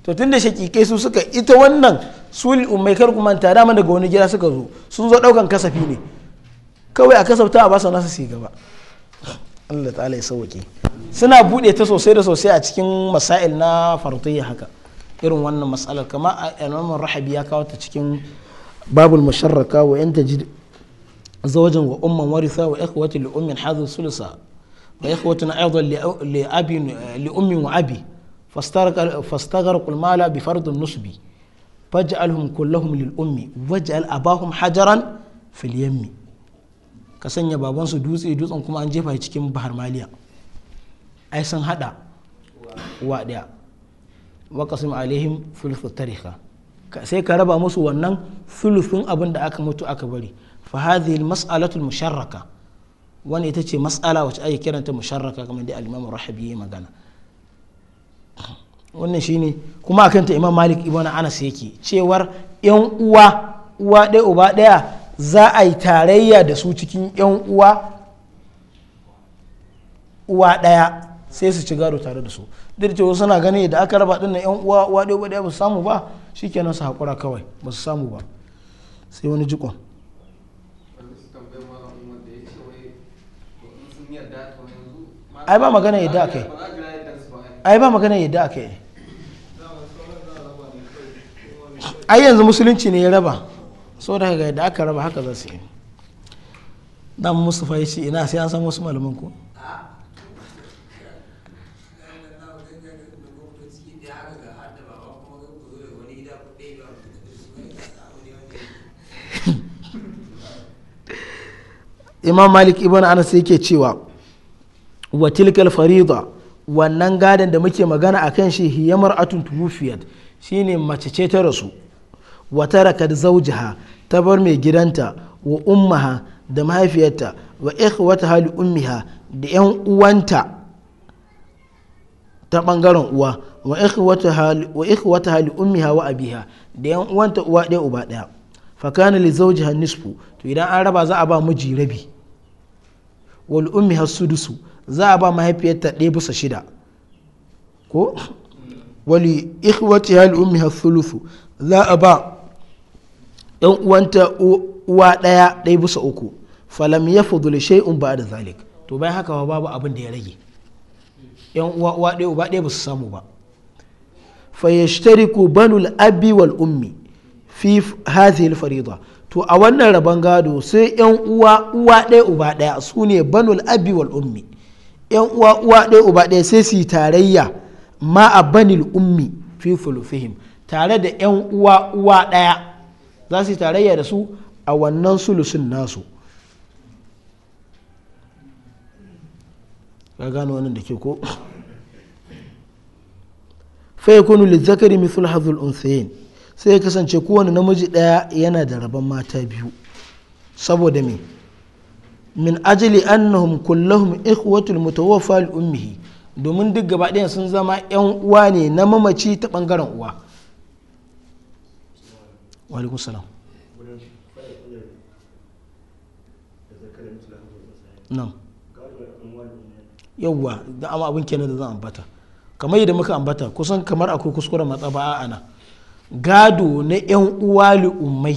to tunda shakikai su suka ita wannan sulil ummai kar kuma ta dama daga wani gida suka zo sun zo daukan kasafi ne kawai a kasafta a basa nasu su gaba Allah ta'ala ya sauke suna bude ta sosai da sosai a cikin masail na farutayya haka irin wannan matsalar kama a imam rahabi ya kawo ta cikin babul musharraka wa yan tajid zawajin wa umman waritha wa ikhwati li ummin hadhu sulsa wa ikhwatuna aidan li abi li ummin wa abi fastagarqul mala bi fardun nusbi faj'alhum kullahum lil ummi waj'al abahum hajaran fil yammi ka sanya babansu dutse dutsen kuma an jefa cikin bahar maliya ai sun hada wa daya wa qasim alaihim thuluth sai ka raba musu wannan thuluthun abun da aka mutu aka bari fa hadhihi mas'alatu musharraka wani ita ce mas'ala wacce ake kiranta musharraka kamar da al-imam rahabi magana wannan shine kuma akan ta imam malik ibn anas yake cewar yan uwa uwa ɗaya uba ɗaya za a yi tarayya da su cikin yan uwa uwa ɗaya sai su ci gado tare da su duk da suna gani da aka raba dinnan yan uwa uwa ɗaya uba ɗaya ba su samu ba shikenan su haƙura kawai ba su samu ba sai wani jikon ai ba magana yadda akai ai ba magana yadda akai ai yanzu musulunci ne ya raba so da ga aka raba haka za su yi dan mustafa ya ce ina sai an san wasu malamin ko imam malik ibn anas yake cewa wa tilkal farida wannan gadon da muke magana akan shi hiyamar atun tuwufiyat shine mace ce ta rasu wa tarakat zawjaha ta bar mai gidanta wa ummaha da mahaifiyarta wa ikhwataha hali ummiha da yan uwanta ta bangaren uwa wa ikhwataha hali ummiha wa abiha da yan uwanta uwa ɗaya uba ɗaya fa kana li zawjiha nisfu to idan an raba za a ba miji rabi wal ummiha sudusu za a ba mahaifiyarta ɗaya bisa shida ko wali ikhwati hal ummi hasulusu za a ba yan uwanta uwa ɗaya ɗaya bisa uku falam ya fudul shay'un ba da zalik to bayan haka babu abin da ya rage yan uwa uwa ɗaya uba ɗaya ba su samu ba fayashtariku banul abi wal ummi fi hadhihi al farida to a wannan rabon gado sai yan uwa uwa ɗaya uba ɗaya su ne banul abi wal ummi yan uwa uwa ɗaya uba ɗaya sai su yi tarayya ma a ummi fi fulufihim tare da yan uwa uwa ɗaya za su yi tarayya da su a wannan sulusun nasu ka gano wannan da ke ko fa yakunu lizzakari mithlu hadhul unthayn sai ya kasance kowane namiji ɗaya yana da rabon mata biyu saboda me min ajali annahum kullahum ikhwatul mutawaffa li ummihi domin duk gaba ɗaya sun zama 'yan uwa ne na mamaci ta ɓangaren uwa salam nan yawwa da ama abin kenan da zan ambata kamar yadda muka ambata kusan kamar akwai kuskuren ba a ana gado na 'yan uwa li'ummai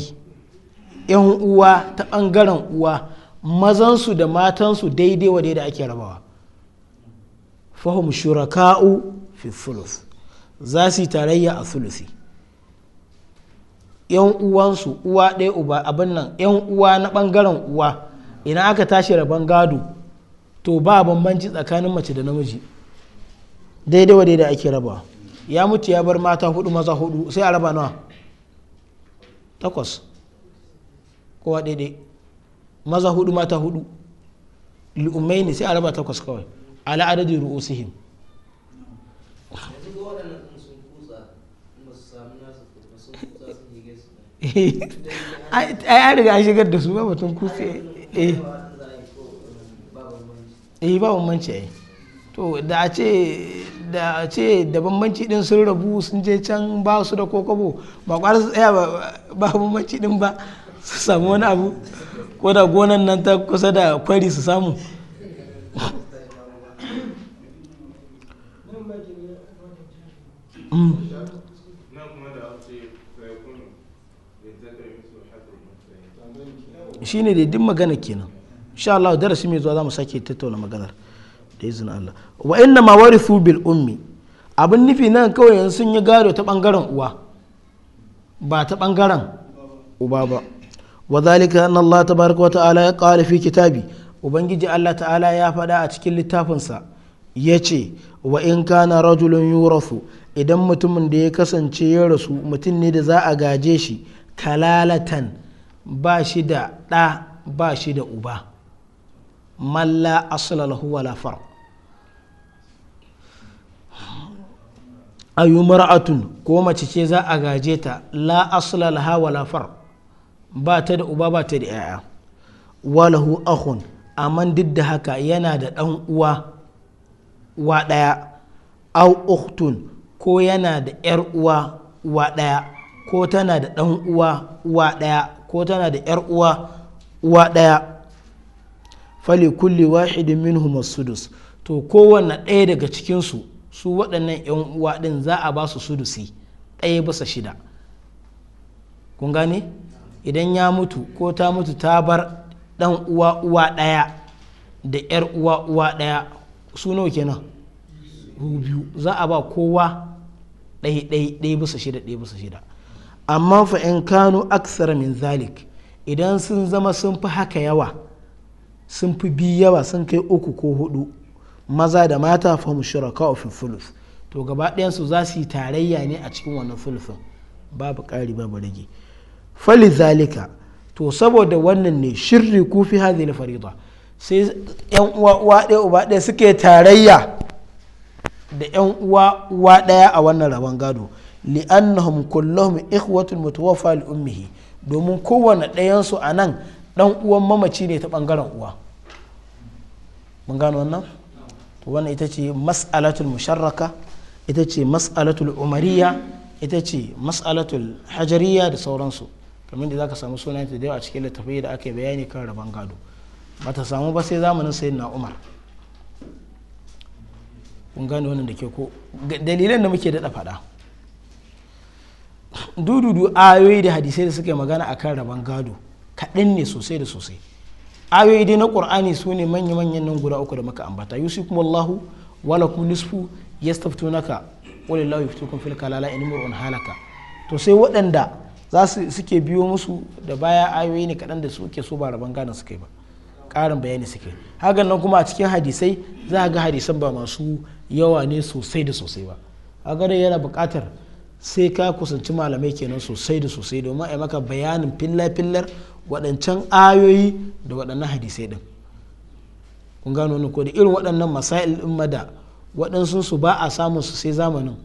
'yan uwa ta ɓangaren uwa mazansu da matansu daidai wa da ake rabawa fahim shuraka'u fi thuluth za su yi tarayya a thuluthi yan uwansu uwa ɗaya uba abin nan yan uwa na ɓangaren uwa ina aka tashi rabon gado to ba bambanci tsakanin mace da namiji daidai wa daidai ake raba ya mutu ya bar mata hudu maza hudu sai a raba nawa takwas kowa daidai maza hudu mata hudu li'ummai ne sai a raba takwas kawai ala adadin ru'usihim ai an riga an shigar da su ba mutum kusa eh eh ba bambanci ai to da a ce da a ce da bambanci din sun rabu sun je can ba su da kokobo ba kwar su tsaya ba bambanci din ba su samu wani abu ko da gonan nan ta kusa da kwari su samu Mm. shi ne da duk magana kenan insha Allah darasi mai zuwa za mu sake tattauna maganar da izin Allah wa inna ma warithu bil ummi abin nufi nan kawai yanzu sun yi gado ta bangaren uwa ba ta bangaren uba ba wa zalika anna Allah tabaraka wa ta'ala ya qala fi kitabi ubangiji Allah ta'ala ya faɗa a cikin littafinsa yace wa in kana rajulun yurathu idan mutumin da ya kasance ya rasu mutum ne da za a gaje shi kalalatan ba shi da ɗa ba shi da uba malla asalahu wala far ayu mar'atun ko mace ce za a gaje ta la asalalaha wala far ba ta da uba ba ta da 'ya'ya walahu akhun amma duk da haka yana da ɗan uwa wa ɗaya au uktun ko yana da 'yar uwa uwa ɗaya ko tana da ɗan uwa uwa ɗaya ko tana da 'yar uwa uwa ɗaya fali kulli wahidin minhum sudus to kowanne ɗaya daga cikinsu su waɗannan 'yan uwa ɗin za a ba su sudusi ɗaya bisa shida kun gane idan ya mutu ko ta mutu ta bar ɗan uwa uwa ɗaya da 'yar uwa uwa ɗaya su nawa kenan za a ba kowa ɗaya ɗaya ɗaya bisa shida ɗaya bisa shida amma fa in kanu aksar min zalik idan sun zama sun fi haka yawa sun fi bi yawa sun kai uku ko hudu maza da mata fa mushraka fi fulus to gaba su za su yi tarayya ne a cikin wannan fulufin babu ƙari babu rage fali zalika to saboda wannan ne shirri kufi hadhihi farida sai yan uwa uwa ɗaya uba ɗaya suke tarayya da yan uwa uwa ɗaya a wannan rabon gado li'annahum kullum ikhwatul mutawaffa li ummihi domin kowane ɗayansu a nan dan uwan mamaci ne ta ɓangaren uwa mun gano wannan to wannan ita ce mas'alatul musharraka ita ce mas'alatul umariya ita ce mas'alatul hajariya da sauransu kamar da zaka samu sunan ta da a cikin littafai da aka bayani kan rabon gado bata samu ba sai zamanin sayyidina umar kun gane wannan da ke ko dalilan da muke daɗa faɗa dududu ayoyi da hadisai da suke magana a kan rabon gado kaɗan ne sosai da sosai ayoyi dai na ƙur'ani su ne manya-manyan nan guda uku da muka ambata yusuf wallahu wala kum nisfu yastaftunaka walillahu yuftukum fil kalala in mur'un halaka to sai waɗanda za su suke biyo musu da baya ayoyi ne kaɗan da suke so ba rabon gado suke ba karin bayani suke hakan nan kuma a cikin hadisai za a ga hadisan ba masu yawa ne sosai da sosai ba a hakan yana buƙatar sai ka kusanci malamai kenan sosai da sosai domin a maka bayanin fillar-fillar waɗancan ayoyi da waɗannan hadisai ɗin kun gano ko da irin waɗannan masail ɗin mada waɗansu su ba a samun su sai zamanin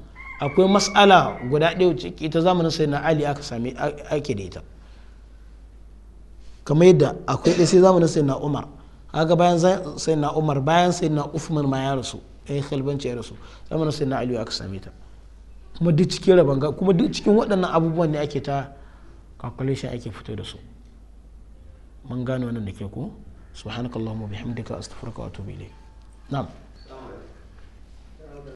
akwai mas'ala guda ɗaya ciki ta zamanin sai na ali aka same ake da ita kamar yadda akwai ɗaya sai zamanin sai na umar haka bayan sai na umar bayan sai na ufman ma ya rasu ya yi khalifanci ya rasu zamanin sai na aliyu aka same ta kuma duk cikin rabon kuma duk cikin waɗannan abubuwan ne ake ta calculation ake fito da su mun gano wannan da ke ku subhanakallahumma bihamdika astaghfiruka wa atubu ilayk na'am